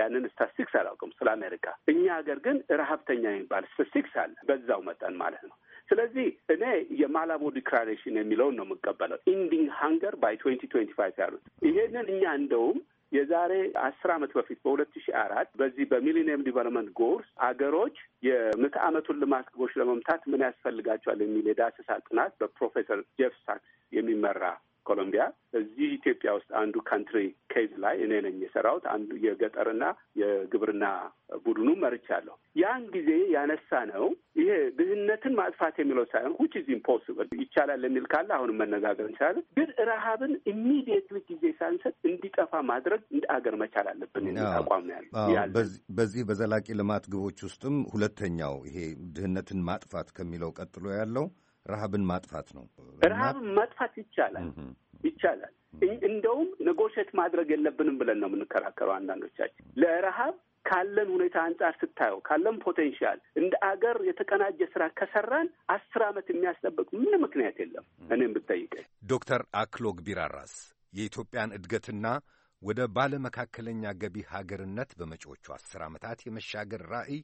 ያንን ስታስቲክስ አላውቅም ስለ አሜሪካ። እኛ ሀገር ግን ረሀብተኛ የሚባል ስታስቲክስ አለ በዛው መጠን ማለት ነው። ነው። ስለዚህ እኔ የማላቦ ዲክላሬሽን የሚለውን ነው የምቀበለው። ኢንዲንግ ሀንገር ባይ ትዌንቲ ትዌንቲ ፋይቭ ያሉት ይሄንን እኛ እንደውም የዛሬ አስር ዓመት በፊት በሁለት ሺህ አራት በዚህ በሚሊኒየም ዲቨሎፕመንት ጎልስ አገሮች የምዕተ ዓመቱን ልማት ግቦች ለመምታት ምን ያስፈልጋቸዋል የሚል የዳሰሳ ጥናት በፕሮፌሰር ጄፍ ሳክስ የሚመራ ኮሎምቢያ እዚህ ኢትዮጵያ ውስጥ አንዱ ካንትሪ ኬዝ ላይ እኔ ነኝ የሰራሁት። አንዱ የገጠርና የግብርና ቡድኑ መርቻለሁ። ያን ጊዜ ያነሳ ነው ይሄ ድህነትን ማጥፋት የሚለው ሳይሆን ሁች ኢዝ ኢምፖስብል ይቻላል የሚል ካለ አሁንም መነጋገር እንችላለን። ግን ረሃብን ኢሚዲየትሊ ጊዜ ሳንሰጥ እንዲጠፋ ማድረግ እንደ አገር መቻል አለብን የሚል አቋም ነው ያለ። በዚህ በዘላቂ ልማት ግቦች ውስጥም ሁለተኛው ይሄ ድህነትን ማጥፋት ከሚለው ቀጥሎ ያለው ረሃብን ማጥፋት ነው። ረሃብን ማጥፋት ይቻላል ይቻላል። እንደውም ነጎሸት ማድረግ የለብንም ብለን ነው የምንከራከረው አንዳንዶቻችን ለረሃብ ካለን ሁኔታ አንጻር ስታየው ካለን ፖቴንሻል እንደ አገር የተቀናጀ ስራ ከሰራን አስር ዓመት የሚያስጠብቅ ምን ምክንያት የለም። እኔም ብጠይቀኝ ዶክተር አክሎግ ቢራራስ የኢትዮጵያን እድገትና ወደ ባለ መካከለኛ ገቢ ሀገርነት በመጪዎቹ አስር ዓመታት የመሻገር ራዕይ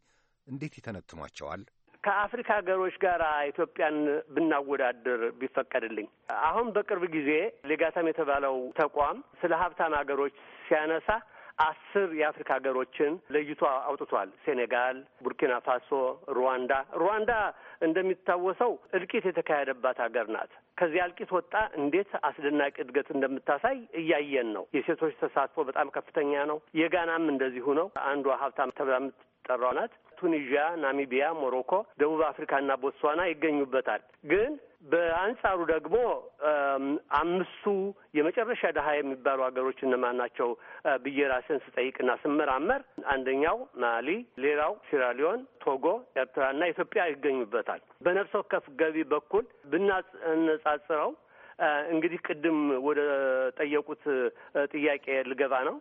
እንዴት ይተነትኗቸዋል? ከአፍሪካ ሀገሮች ጋር ኢትዮጵያን ብናወዳድር ቢፈቀድልኝ። አሁን በቅርብ ጊዜ ሌጋታም የተባለው ተቋም ስለ ሀብታም ሀገሮች ሲያነሳ አስር የአፍሪካ ሀገሮችን ለይቶ አውጥቷል። ሴኔጋል፣ ቡርኪና ፋሶ፣ ሩዋንዳ። ሩዋንዳ እንደሚታወሰው እልቂት የተካሄደባት ሀገር ናት። ከዚያ እልቂት ወጣ እንዴት አስደናቂ እድገት እንደምታሳይ እያየን ነው። የሴቶች ተሳትፎ በጣም ከፍተኛ ነው። የጋናም እንደዚሁ ነው። አንዷ ሀብታም ተብላ የምትጠራው ናት። ቱኒዥያ፣ ናሚቢያ፣ ሞሮኮ፣ ደቡብ አፍሪካና ቦትስዋና ይገኙበታል። ግን በአንጻሩ ደግሞ አምስቱ የመጨረሻ ድሀ የሚባሉ ሀገሮች እነማን ናቸው ብዬ ራሴን ስጠይቅና ስመራመር አንደኛው ማሊ፣ ሌላው ሲራሊዮን፣ ቶጎ፣ ኤርትራና ኢትዮጵያ ይገኙበታል። በነፍስ ወከፍ ገቢ በኩል ብናነጻጽረው እንግዲህ ቅድም ወደ ጠየቁት ጥያቄ ልገባ ነው።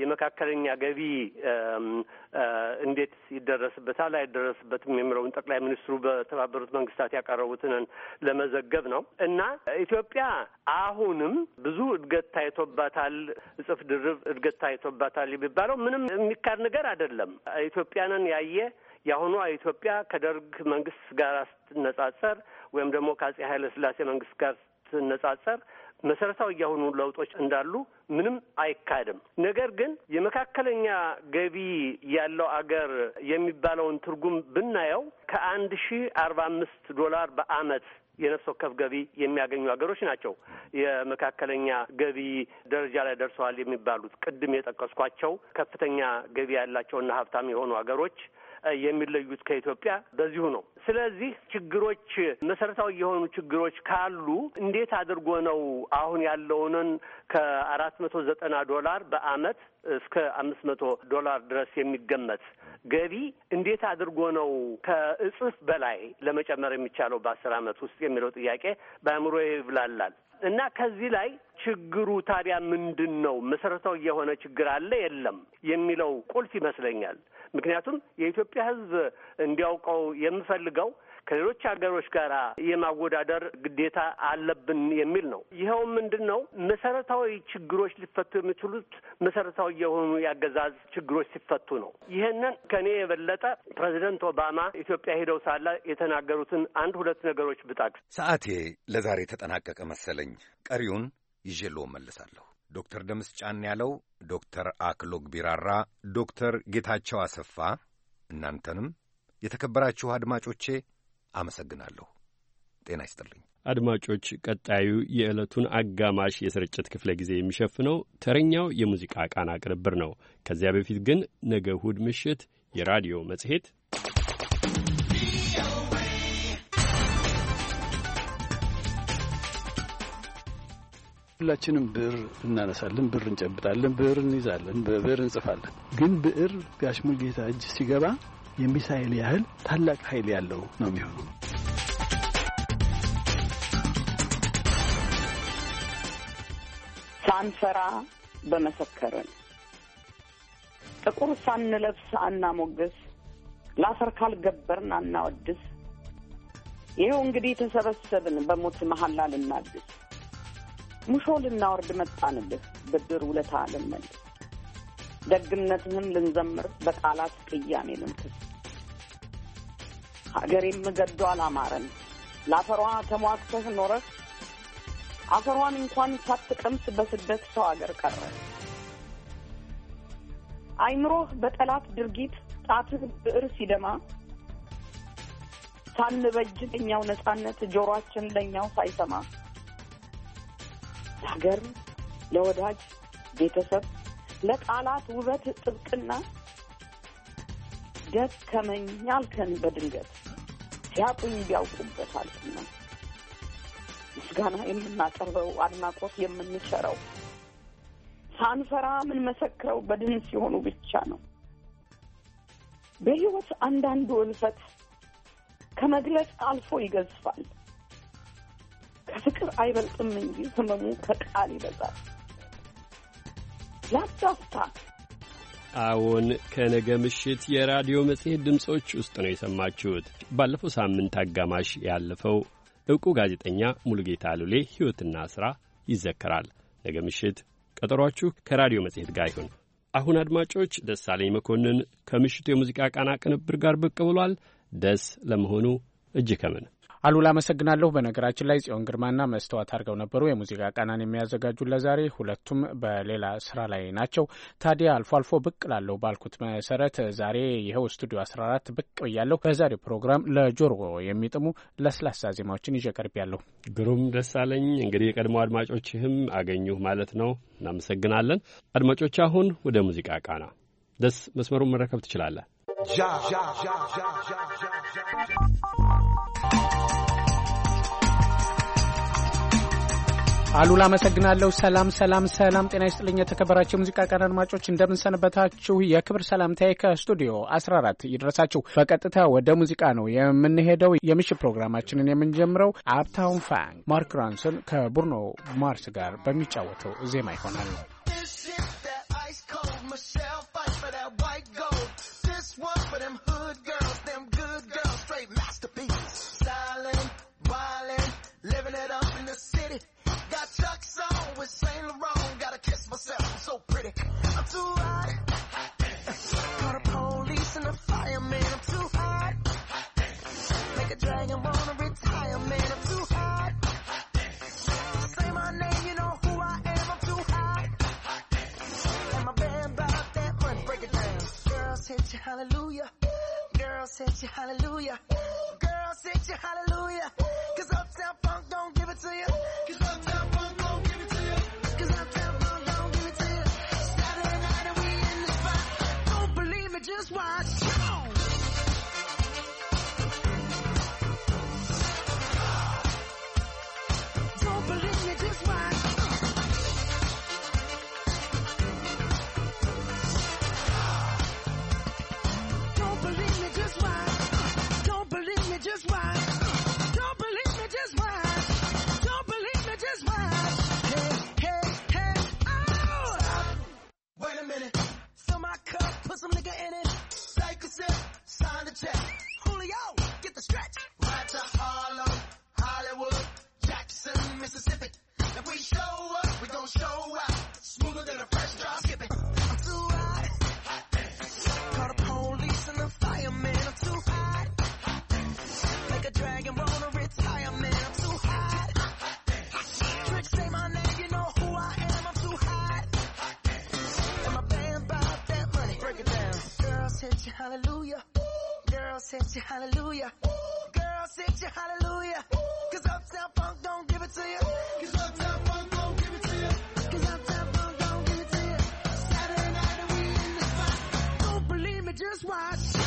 የመካከለኛ ገቢ እንዴት ይደረስበታል አይደረስበትም የሚለውን ጠቅላይ ሚኒስትሩ በተባበሩት መንግስታት ያቀረቡትን ለመዘገብ ነው እና ኢትዮጵያ አሁንም ብዙ እድገት ታይቶባታል፣ እጽፍ ድርብ እድገት ታይቶባታል የሚባለው ምንም የሚካድ ነገር አይደለም። ኢትዮጵያንን ያየ የአሁኗ ኢትዮጵያ ከደርግ መንግስት ጋር ስትነጻጸር ወይም ደግሞ ከአጼ ኃይለ ስላሴ መንግስት ጋር ስትነጻጸር መሰረታዊ የሆኑ ለውጦች እንዳሉ ምንም አይካድም። ነገር ግን የመካከለኛ ገቢ ያለው አገር የሚባለውን ትርጉም ብናየው ከአንድ ሺ አርባ አምስት ዶላር በአመት የነፍስ ወከፍ ገቢ የሚያገኙ ሀገሮች ናቸው የመካከለኛ ገቢ ደረጃ ላይ ደርሰዋል የሚባሉት። ቅድም የጠቀስኳቸው ከፍተኛ ገቢ ያላቸውና ሀብታም የሆኑ ሀገሮች የሚለዩት ከኢትዮጵያ በዚሁ ነው። ስለዚህ ችግሮች፣ መሰረታዊ የሆኑ ችግሮች ካሉ እንዴት አድርጎ ነው አሁን ያለውንን ከአራት መቶ ዘጠና ዶላር በአመት እስከ አምስት መቶ ዶላር ድረስ የሚገመት ገቢ እንዴት አድርጎ ነው ከእጽፍ በላይ ለመጨመር የሚቻለው በአስር አመት ውስጥ የሚለው ጥያቄ በአእምሮ ይብላላል እና ከዚህ ላይ ችግሩ ታዲያ ምንድን ነው? መሰረታዊ የሆነ ችግር አለ የለም የሚለው ቁልፍ ይመስለኛል። ምክንያቱም የኢትዮጵያ ሕዝብ እንዲያውቀው የምፈልገው ከሌሎች ሀገሮች ጋር የማወዳደር ግዴታ አለብን የሚል ነው። ይኸውም ምንድን ነው? መሰረታዊ ችግሮች ሊፈቱ የሚችሉት መሰረታዊ የሆኑ የአገዛዝ ችግሮች ሲፈቱ ነው። ይህንን ከእኔ የበለጠ ፕሬዚደንት ኦባማ ኢትዮጵያ ሄደው ሳለ የተናገሩትን አንድ ሁለት ነገሮች ብጠቅስ ሰዓቴ ለዛሬ ተጠናቀቀ መሰለኝ። ቀሪውን ይዤ ልዎ መልሳለሁ። ዶክተር ደምስ ጫን ያለው፣ ዶክተር አክሎግ ቢራራ፣ ዶክተር ጌታቸው አሰፋ እናንተንም የተከበራችሁ አድማጮቼ አመሰግናለሁ። ጤና ይስጥልኝ አድማጮች። ቀጣዩ የዕለቱን አጋማሽ የስርጭት ክፍለ ጊዜ የሚሸፍነው ተረኛው የሙዚቃ ቃና ቅንብር ነው። ከዚያ በፊት ግን ነገ እሁድ ምሽት የራዲዮ መጽሔት ሁላችንም ብዕር እናነሳለን፣ ብዕር እንጨብጣለን፣ ብዕር እንይዛለን፣ ብዕር እንጽፋለን። ግን ብዕር ጋሽ ሙልጌታ እጅ ሲገባ የሚሳኤል ያህል ታላቅ ኃይል ያለው ነው የሚሆነው። ሳንሰራ በመሰከርን ጥቁር ሳንለብስ አናሞገስ ላፈር ካልገበርን አናወድስ። ይኸው እንግዲህ ተሰበሰብን በሞት መሐላ ልናድስ ሙሾ ልናወርድ መጣንልህ ብድር ውለታ ልንመልስ ደግነትህን ልንዘምር በቃላት ቅያሜ ልንክስ ሀገሬም ገዶ አላማረን ለአፈሯ ተሟግተህ ኖረህ አፈሯን እንኳን ሳትቀምስ በስደት ሰው አገር ቀረ አይምሮህ በጠላት ድርጊት ጣትህ ብዕር ሲደማ ሳንበጅ ለእኛው ነፃነት ጆሯችን ለእኛው ሳይሰማ ለሀገር፣ ለወዳጅ ቤተሰብ፣ ለቃላት ውበት ጥብቅና ደከመኝ ያልከን በድንገት ሲያጡኝ ቢያውቁበት ምስጋና የምናቀርበው አድናቆት የምንቸረው ሳንፈራ የምንመሰክረው በድን ሲሆኑ ብቻ ነው። በሕይወት አንዳንዱ እልፈት ከመግለጽ አልፎ ይገዝፋል። ከፍቅር አይበልጥም እንጂ ህመሙ ከቃል ይበዛል። ላዳፍታ አዎን፣ ከነገ ምሽት የራዲዮ መጽሔት ድምፆች ውስጥ ነው የሰማችሁት። ባለፈው ሳምንት አጋማሽ ያለፈው እውቁ ጋዜጠኛ ሙሉጌታ ሉሌ ሕይወትና ሥራ ይዘከራል። ነገ ምሽት ቀጠሯችሁ ከራዲዮ መጽሔት ጋር ይሁን። አሁን አድማጮች፣ ደሳለኝ መኮንን ከምሽቱ የሙዚቃ ቃና ቅንብር ጋር ብቅ ብሏል። ደስ ለመሆኑ እጅ ከምን አሉላ አመሰግናለሁ። በነገራችን ላይ ጽዮን ግርማና መስተዋት አድርገው ነበሩ የሙዚቃ ቃናን የሚያዘጋጁ ለዛሬ። ሁለቱም በሌላ ስራ ላይ ናቸው። ታዲያ አልፎ አልፎ ብቅ ላለው ባልኩት መሰረት ዛሬ ይኸው ስቱዲዮ 14 ብቅ ብያለሁ። በዛሬው ፕሮግራም ለጆሮ የሚጥሙ ለስላሳ ዜማዎችን ይዤ ቀርቤያለሁ። ግሩም ደሳለኝ፣ እንግዲህ የቀድሞ አድማጮችህም አገኙህ ማለት ነው። እናመሰግናለን አድማጮች። አሁን ወደ ሙዚቃ ቃና ደስ መስመሩን መረከብ ትችላለህ። አሉላ አመሰግናለሁ። ሰላም ሰላም ሰላም፣ ጤና ይስጥልኝ የተከበራቸው የሙዚቃ ቀን አድማጮች እንደምንሰንበታችሁ። የክብር ሰላምታዬ ከስቱዲዮ 14 ይድረሳችሁ። በቀጥታ ወደ ሙዚቃ ነው የምንሄደው። የምሽት ፕሮግራማችንን የምንጀምረው አፕታውን ፋንክ ማርክ ራንሰን ከቡርኖ ማርስ ጋር በሚጫወተው ዜማ ይሆናል። Chuck's on with Saint Laurent. Gotta kiss myself. I'm so pretty. I'm too hot. Call the police and the fireman. I'm too hot. Make a dragon wanna retire, man. I'm too hot. Say my name, you know who I am. I'm too hot. And my band about that money. Break it down. Girls hit you, hallelujah. Girls hit you, hallelujah. Girls hit you, hallelujah. Cause Uptown Funk don't give it to you. sent you hallelujah. Ooh, girl sent you hallelujah. Ooh. Cause Uptown Funk don't give it to you. Ooh. Cause Uptown Funk don't give it to you. Cause Uptown Funk don't give it to you. Saturday night and we in the spot. Don't believe me, just watch.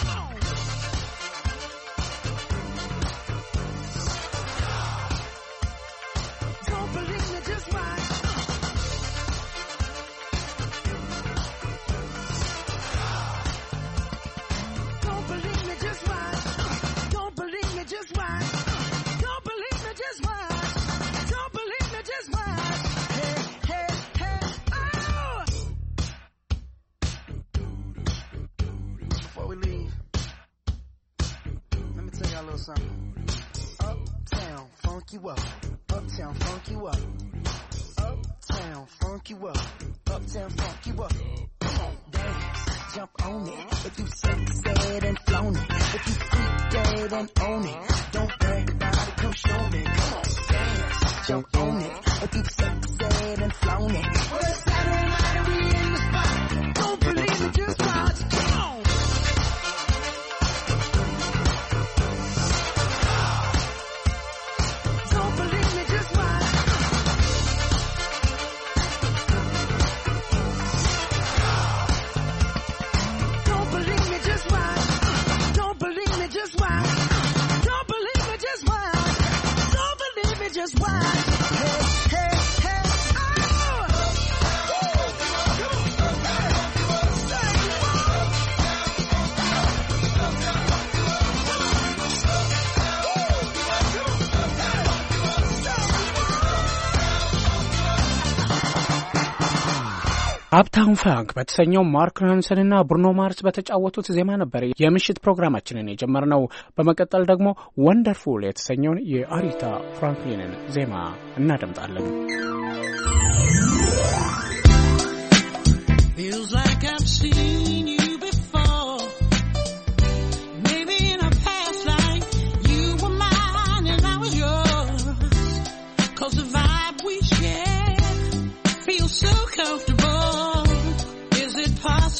ሳን ፍራንክ በተሰኘው ማርክ ሮንሰንና ብሩኖ ማርስ በተጫወቱት ዜማ ነበር የምሽት ፕሮግራማችንን የጀመርነው። በመቀጠል ደግሞ ወንደርፉል የተሰኘውን የአሪታ ፍራንክሊንን ዜማ እናደምጣለን።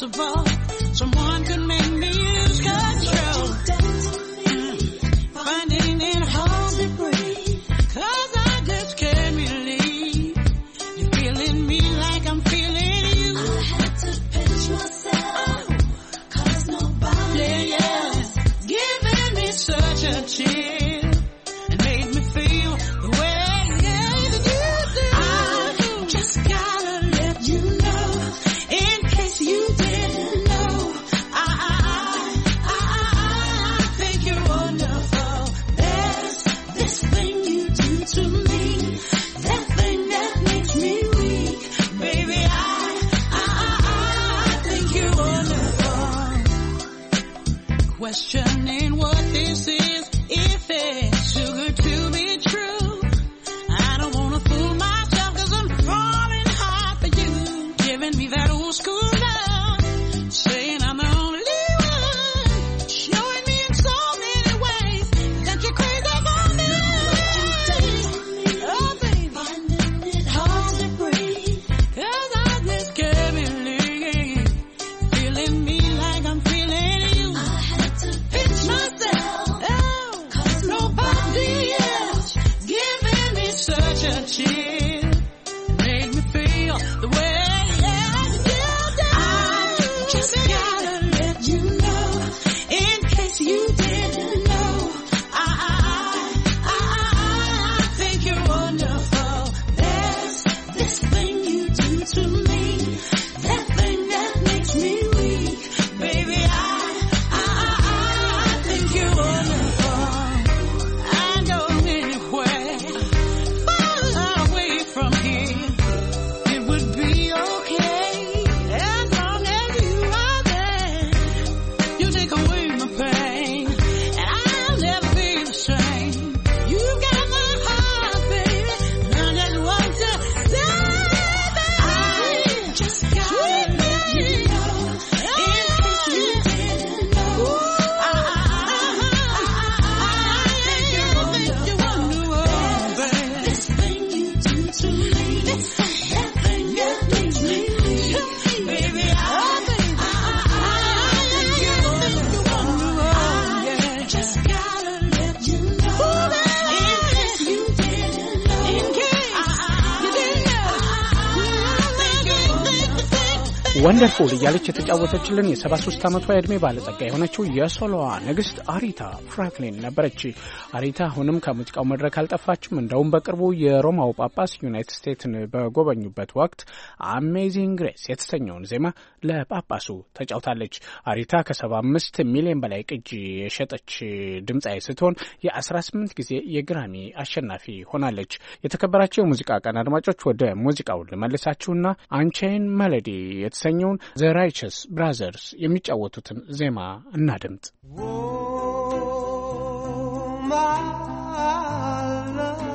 impossible. you did. ኩል እያለች የተጫወተችልን የ73 ዓመቷ የዕድሜ ባለጸጋ የሆነችው የሶሎዋ ንግሥት አሪታ ፍራንክሊን ነበረች። አሪታ አሁንም ከሙዚቃው መድረክ አልጠፋችም። እንደውም በቅርቡ የሮማው ጳጳስ ዩናይትድ ስቴትስን በጎበኙበት ወቅት አሜዚንግ ግሬስ የተሰኘውን ዜማ ለጳጳሱ ተጫውታለች። አሪታ ከሰባ አምስት ሚሊዮን በላይ ቅጂ የሸጠች ድምፃዊ ስትሆን የ18 ጊዜ የግራሚ አሸናፊ ሆናለች። የተከበራቸው የሙዚቃ ቀን አድማጮች ወደ ሙዚቃው ልመልሳችሁና አንቼን መለዲ የተሰኘውን ዘ ራይቸስ ብራዘርስ የሚጫወቱትን ዜማ እናድምጥ። my love.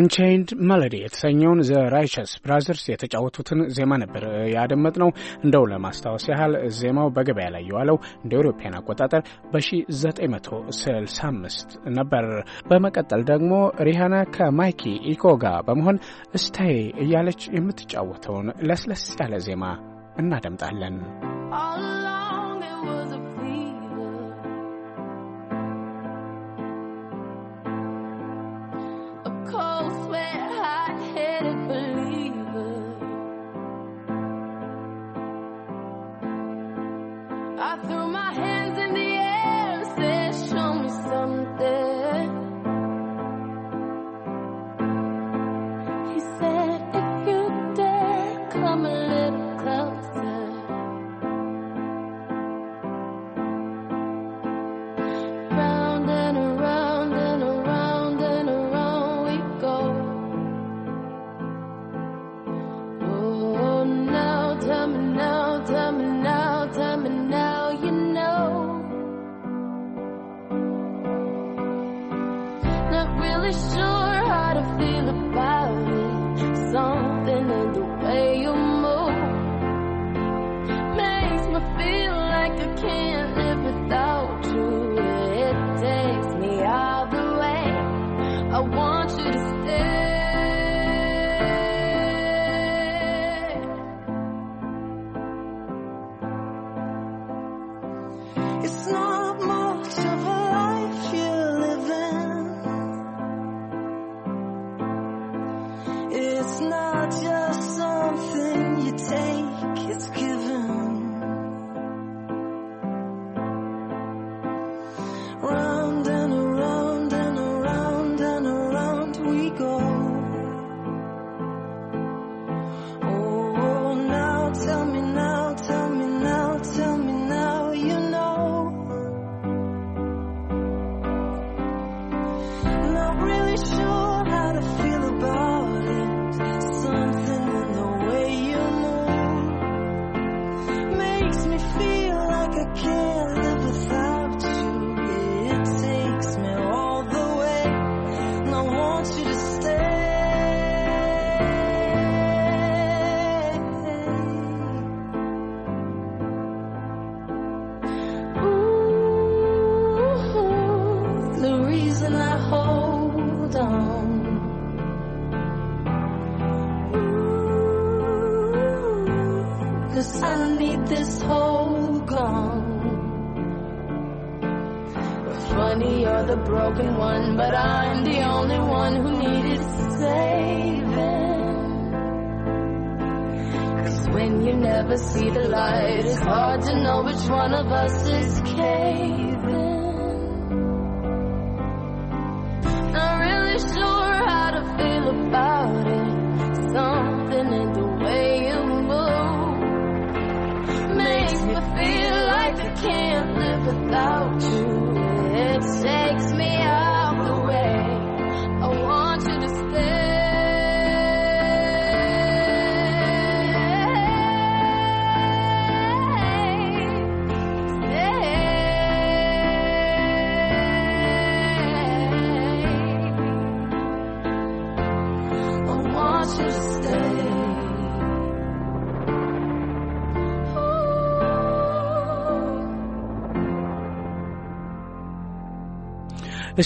አንቻይንድ መለዲ የተሰኘውን ዘ ራይቸስ ብራዘርስ የተጫወቱትን ዜማ ነበር ያደመጥነው። እንደው ለማስታወስ ያህል ዜማው በገበያ ላይ የዋለው እንደ አውሮፓውያን አቆጣጠር በ1965 ነበር። በመቀጠል ደግሞ ሪሃና ከማይኪ ኢኮ ጋር በመሆን እስታይ እያለች የምትጫወተውን ለስለስ ያለ ዜማ እናደምጣለን። All along was a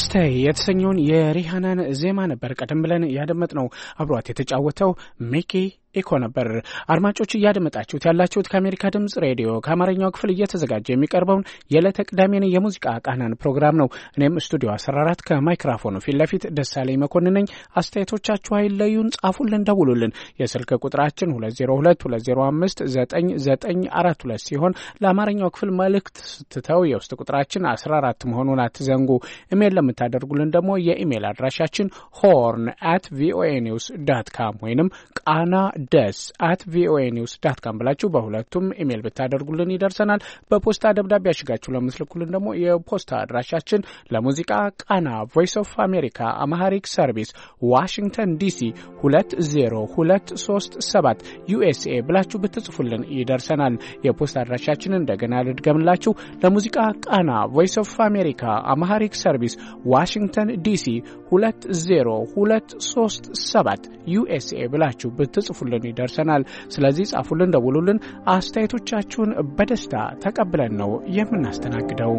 ስታይ የተሰኘውን የሪሃናን ዜማ ነበር ቀደም ብለን ያደመጥ ነው። አብሯት የተጫወተው ሚኪ ኢኮ ነበር። አድማጮች እያደመጣችሁት ያላችሁት ከአሜሪካ ድምጽ ሬዲዮ ከአማርኛው ክፍል እየተዘጋጀ የሚቀርበውን የዕለተ ቅዳሜን የሙዚቃ ቃናን ፕሮግራም ነው። እኔም ስቱዲዮ 14 ከማይክራፎኑ ፊት ለፊት ደሳለኝ መኮንን ነኝ። አስተያየቶቻችሁ አይለዩን፣ ጻፉልን፣ ደውሉልን። የስልክ ቁጥራችን 2022059942 ሲሆን ለአማርኛው ክፍል መልእክት ስትተው የውስጥ ቁጥራችን 14 መሆኑን አትዘንጉ። ኢሜይል ለምታደርጉልን ደግሞ የኢሜይል አድራሻችን ሆርን አት ቪኦኤ ኒውስ ዳት ካም ወይንም ቃና ደስ አት ቪኦኤ ኒውስ ዳት ካም ብላችሁ በሁለቱም ኢሜይል ብታደርጉልን ይደርሰናል። በፖስታ ደብዳቤ ያሽጋችሁ ለምትልኩልን ደግሞ የፖስታ አድራሻችን ለሙዚቃ ቃና ቮይስ ኦፍ አሜሪካ አማሃሪክ ሰርቪስ ዋሽንግተን ዲሲ 20237 ዩኤስኤ ብላችሁ ብትጽፉልን ይደርሰናል። የፖስታ አድራሻችን እንደገና ልድገምላችሁ። ለሙዚቃ ቃና ቮይስ ኦፍ አሜሪካ አማሃሪክ ሰርቪስ ዋሽንግተን ዲሲ 20237 ዩኤስኤ ብላችሁ ብትጽፉልን ጻፉልን ይደርሰናል። ስለዚህ ጻፉልን፣ ደውሉልን። አስተያየቶቻችሁን በደስታ ተቀብለን ነው የምናስተናግደው።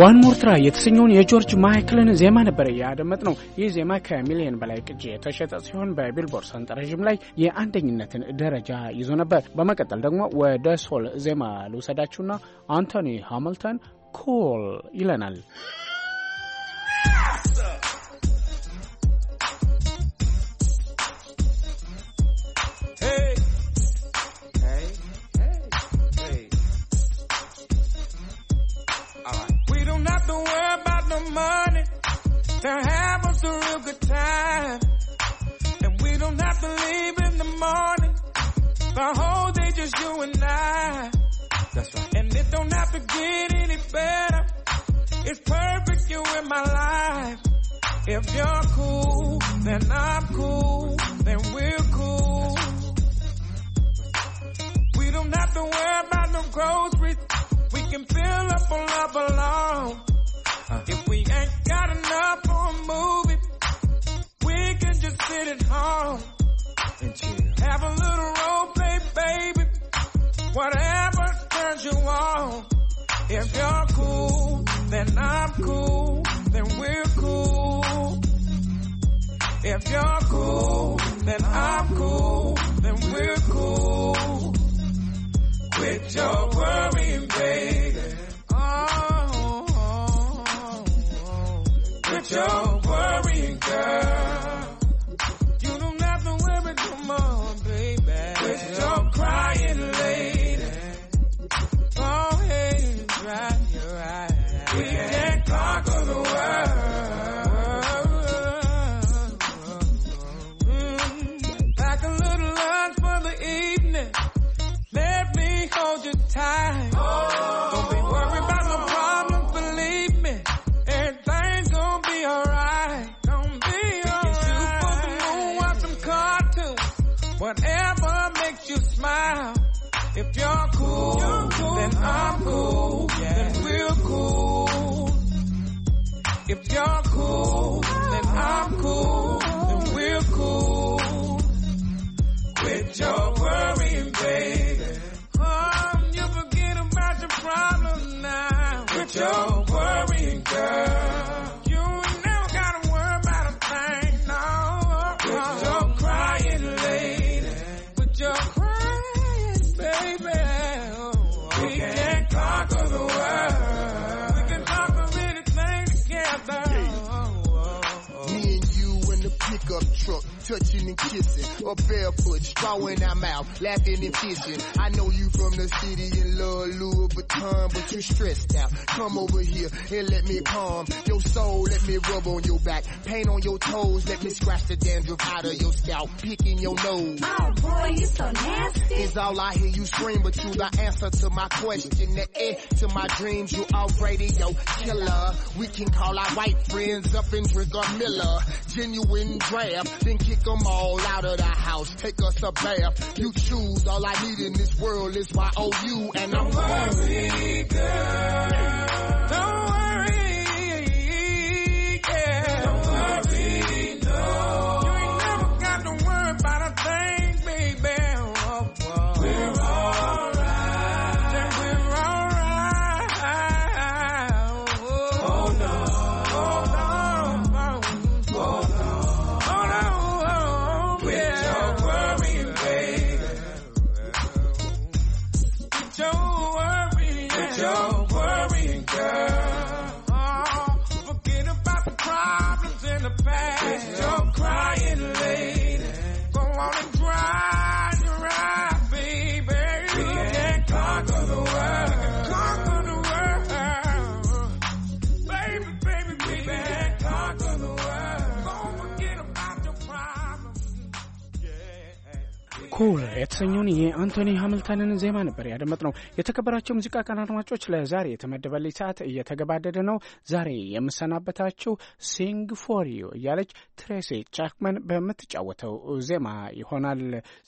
ዋን ሞር የተሰኘውን የጆርጅ ማይክልን ዜማ ነበር ያደመጥ ነው። ይህ ዜማ ከሚሊዮን በላይ ቅጂ የተሸጠ ሲሆን በቢልቦርድ ሰንጠረዥም ላይ የአንደኝነትን ደረጃ ይዞ ነበር። በመቀጠል ደግሞ ወደ ሶል ዜማ ልውሰዳችሁና አንቶኒ ሃምልተን ኮል ይለናል። It's perfect you in my life. If you're cool, then I'm cool, then we're cool. We don't have to worry about no groceries. We can fill up on love alone. Uh-huh. If we ain't got enough for a movie, we can just sit at home and chill. Have a little role play, baby. Whatever turns you on. If you're cool, then I'm cool, then we're cool. If you're cool, then I'm cool, then we're cool. Quit your worrying, baby. Oh, oh, oh. quit your worrying, girl. pickup truck, touching and kissing, a barefoot, straw in our mouth, laughing and fishing. I know you from the city and love Louis Vuitton, but you are stressed out. Come over here and let me calm your soul, let me rub on your back, paint on your toes, let me scratch the dandruff out of your scalp, picking your nose. Oh boy, you so nasty. It's all I hear you scream, but you the answer to my question, the eh to my dreams. You already yo killer. We can call our white friends up and drink Miller, genuine then kick them all out of the house. Take us a bath. You choose. All I need in this world is my OU, and I'm home. Girl. ኩል የተሰኘውን የአንቶኒ ሀምልተንን ዜማ ነበር ያደመጥነው። የተከበራቸው ሙዚቃ ቀን አድማጮች፣ ለዛሬ የተመደበልኝ ሰዓት እየተገባደደ ነው። ዛሬ የምሰናበታችው ሲንግ ፎር ዩ እያለች ትሬሴ ቻክመን በምትጫወተው ዜማ ይሆናል።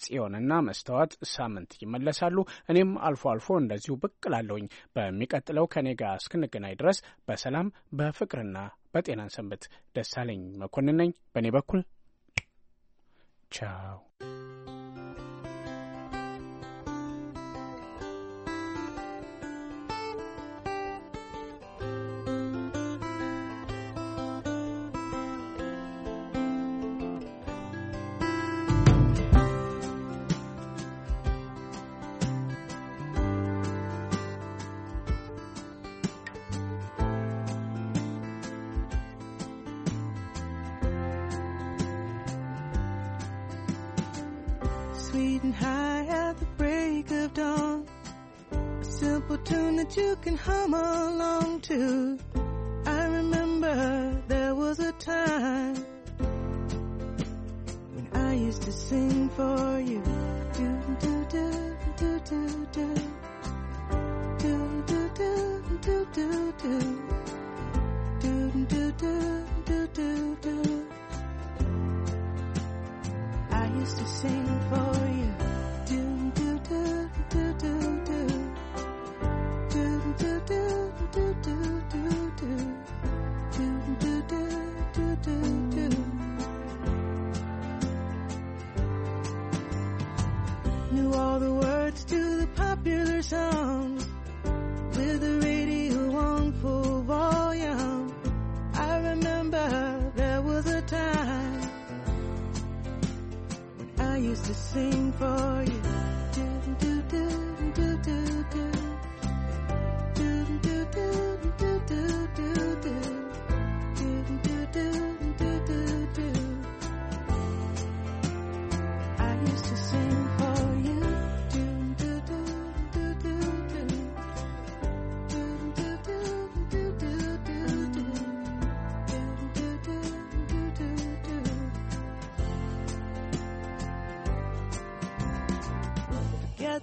ጽዮንና መስተዋት ሳምንት ይመለሳሉ። እኔም አልፎ አልፎ እንደዚሁ ብቅ ላለውኝ በሚቀጥለው ከኔ ጋር እስክንገናኝ ድረስ በሰላም በፍቅርና በጤናን ሰንበት። ደሳለኝ መኮንን ነኝ። በእኔ በኩል ቻው። can hum along to.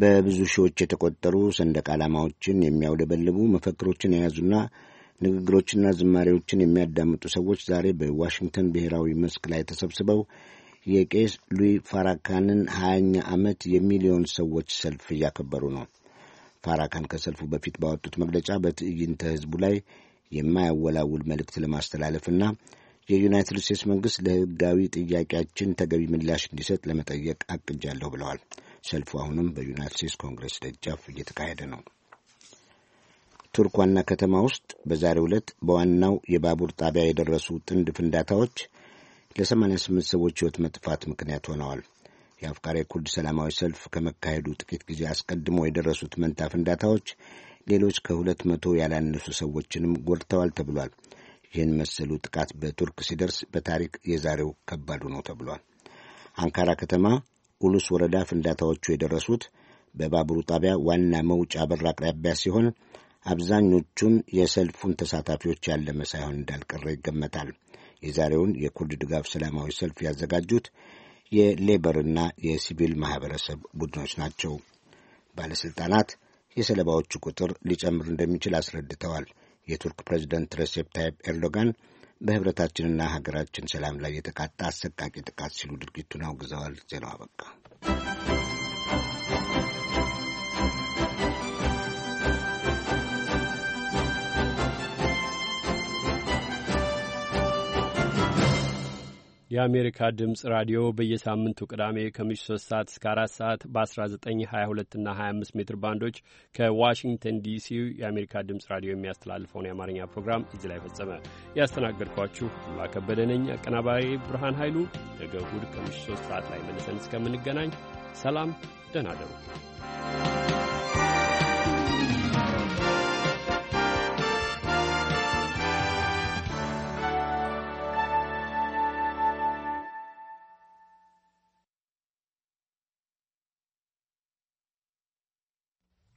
በብዙ ሺዎች የተቆጠሩ ሰንደቅ ዓላማዎችን የሚያውለበልቡ መፈክሮችን የያዙና ንግግሮችና ዝማሬዎችን የሚያዳምጡ ሰዎች ዛሬ በዋሽንግተን ብሔራዊ መስክ ላይ ተሰብስበው የቄስ ሉዊ ፋራካንን ሀያኛ ዓመት የሚሊዮን ሰዎች ሰልፍ እያከበሩ ነው። ፋራካን ከሰልፉ በፊት ባወጡት መግለጫ በትዕይንተ ሕዝቡ ላይ የማያወላውል መልእክት ለማስተላለፍና የዩናይትድ ስቴትስ መንግሥት ለሕጋዊ ጥያቄያችን ተገቢ ምላሽ እንዲሰጥ ለመጠየቅ አቅጃለሁ ብለዋል። ሰልፉ አሁንም በዩናይት ስቴትስ ኮንግረስ ደጃፍ እየተካሄደ ነው። ቱርክ ዋና ከተማ ውስጥ በዛሬው ዕለት በዋናው የባቡር ጣቢያ የደረሱ ጥንድ ፍንዳታዎች ለ88 ሰዎች ሕይወት መጥፋት ምክንያት ሆነዋል። የአፍቃሪ ኩርድ ሰላማዊ ሰልፍ ከመካሄዱ ጥቂት ጊዜ አስቀድሞ የደረሱት መንታ ፍንዳታዎች ሌሎች ከሁለት መቶ ያላነሱ ሰዎችንም ጎድተዋል ተብሏል። ይህን መሰሉ ጥቃት በቱርክ ሲደርስ በታሪክ የዛሬው ከባዱ ነው ተብሏል። አንካራ ከተማ ቁልስ ወረዳ ፍንዳታዎቹ የደረሱት በባቡሩ ጣቢያ ዋና መውጫ በር አቅራቢያ ሲሆን አብዛኞቹን የሰልፉን ተሳታፊዎች ያለመ ሳይሆን እንዳልቀረ ይገመታል። የዛሬውን የኩርድ ድጋፍ ሰላማዊ ሰልፍ ያዘጋጁት የሌበርና የሲቪል ማህበረሰብ ቡድኖች ናቸው። ባለሥልጣናት የሰለባዎቹ ቁጥር ሊጨምር እንደሚችል አስረድተዋል። የቱርክ ፕሬዚደንት ረሴፕ ታይፕ ኤርዶጋን በህብረታችንና ሀገራችን ሰላም ላይ የተቃጣ አሰቃቂ ጥቃት ሲሉ ድርጊቱን አውግዘዋል። ዜናው አበቃ። የአሜሪካ ድምፅ ራዲዮ በየሳምንቱ ቅዳሜ ከምሽቱ 3 ሰዓት እስከ 4 ሰዓት በ1922 እና 25 ሜትር ባንዶች ከዋሽንግተን ዲሲ የአሜሪካ ድምፅ ራዲዮ የሚያስተላልፈውን የአማርኛ ፕሮግራም እዚህ ላይ ፈጸመ። ያስተናገድኳችሁ ሁላ ከበደ ነኝ። አቀናባሪ ብርሃን ኃይሉ። ነገ እሁድ ከምሽቱ 3 ሰዓት ላይ መልሰን እስከምንገናኝ ሰላም፣ ደህና ደሩ።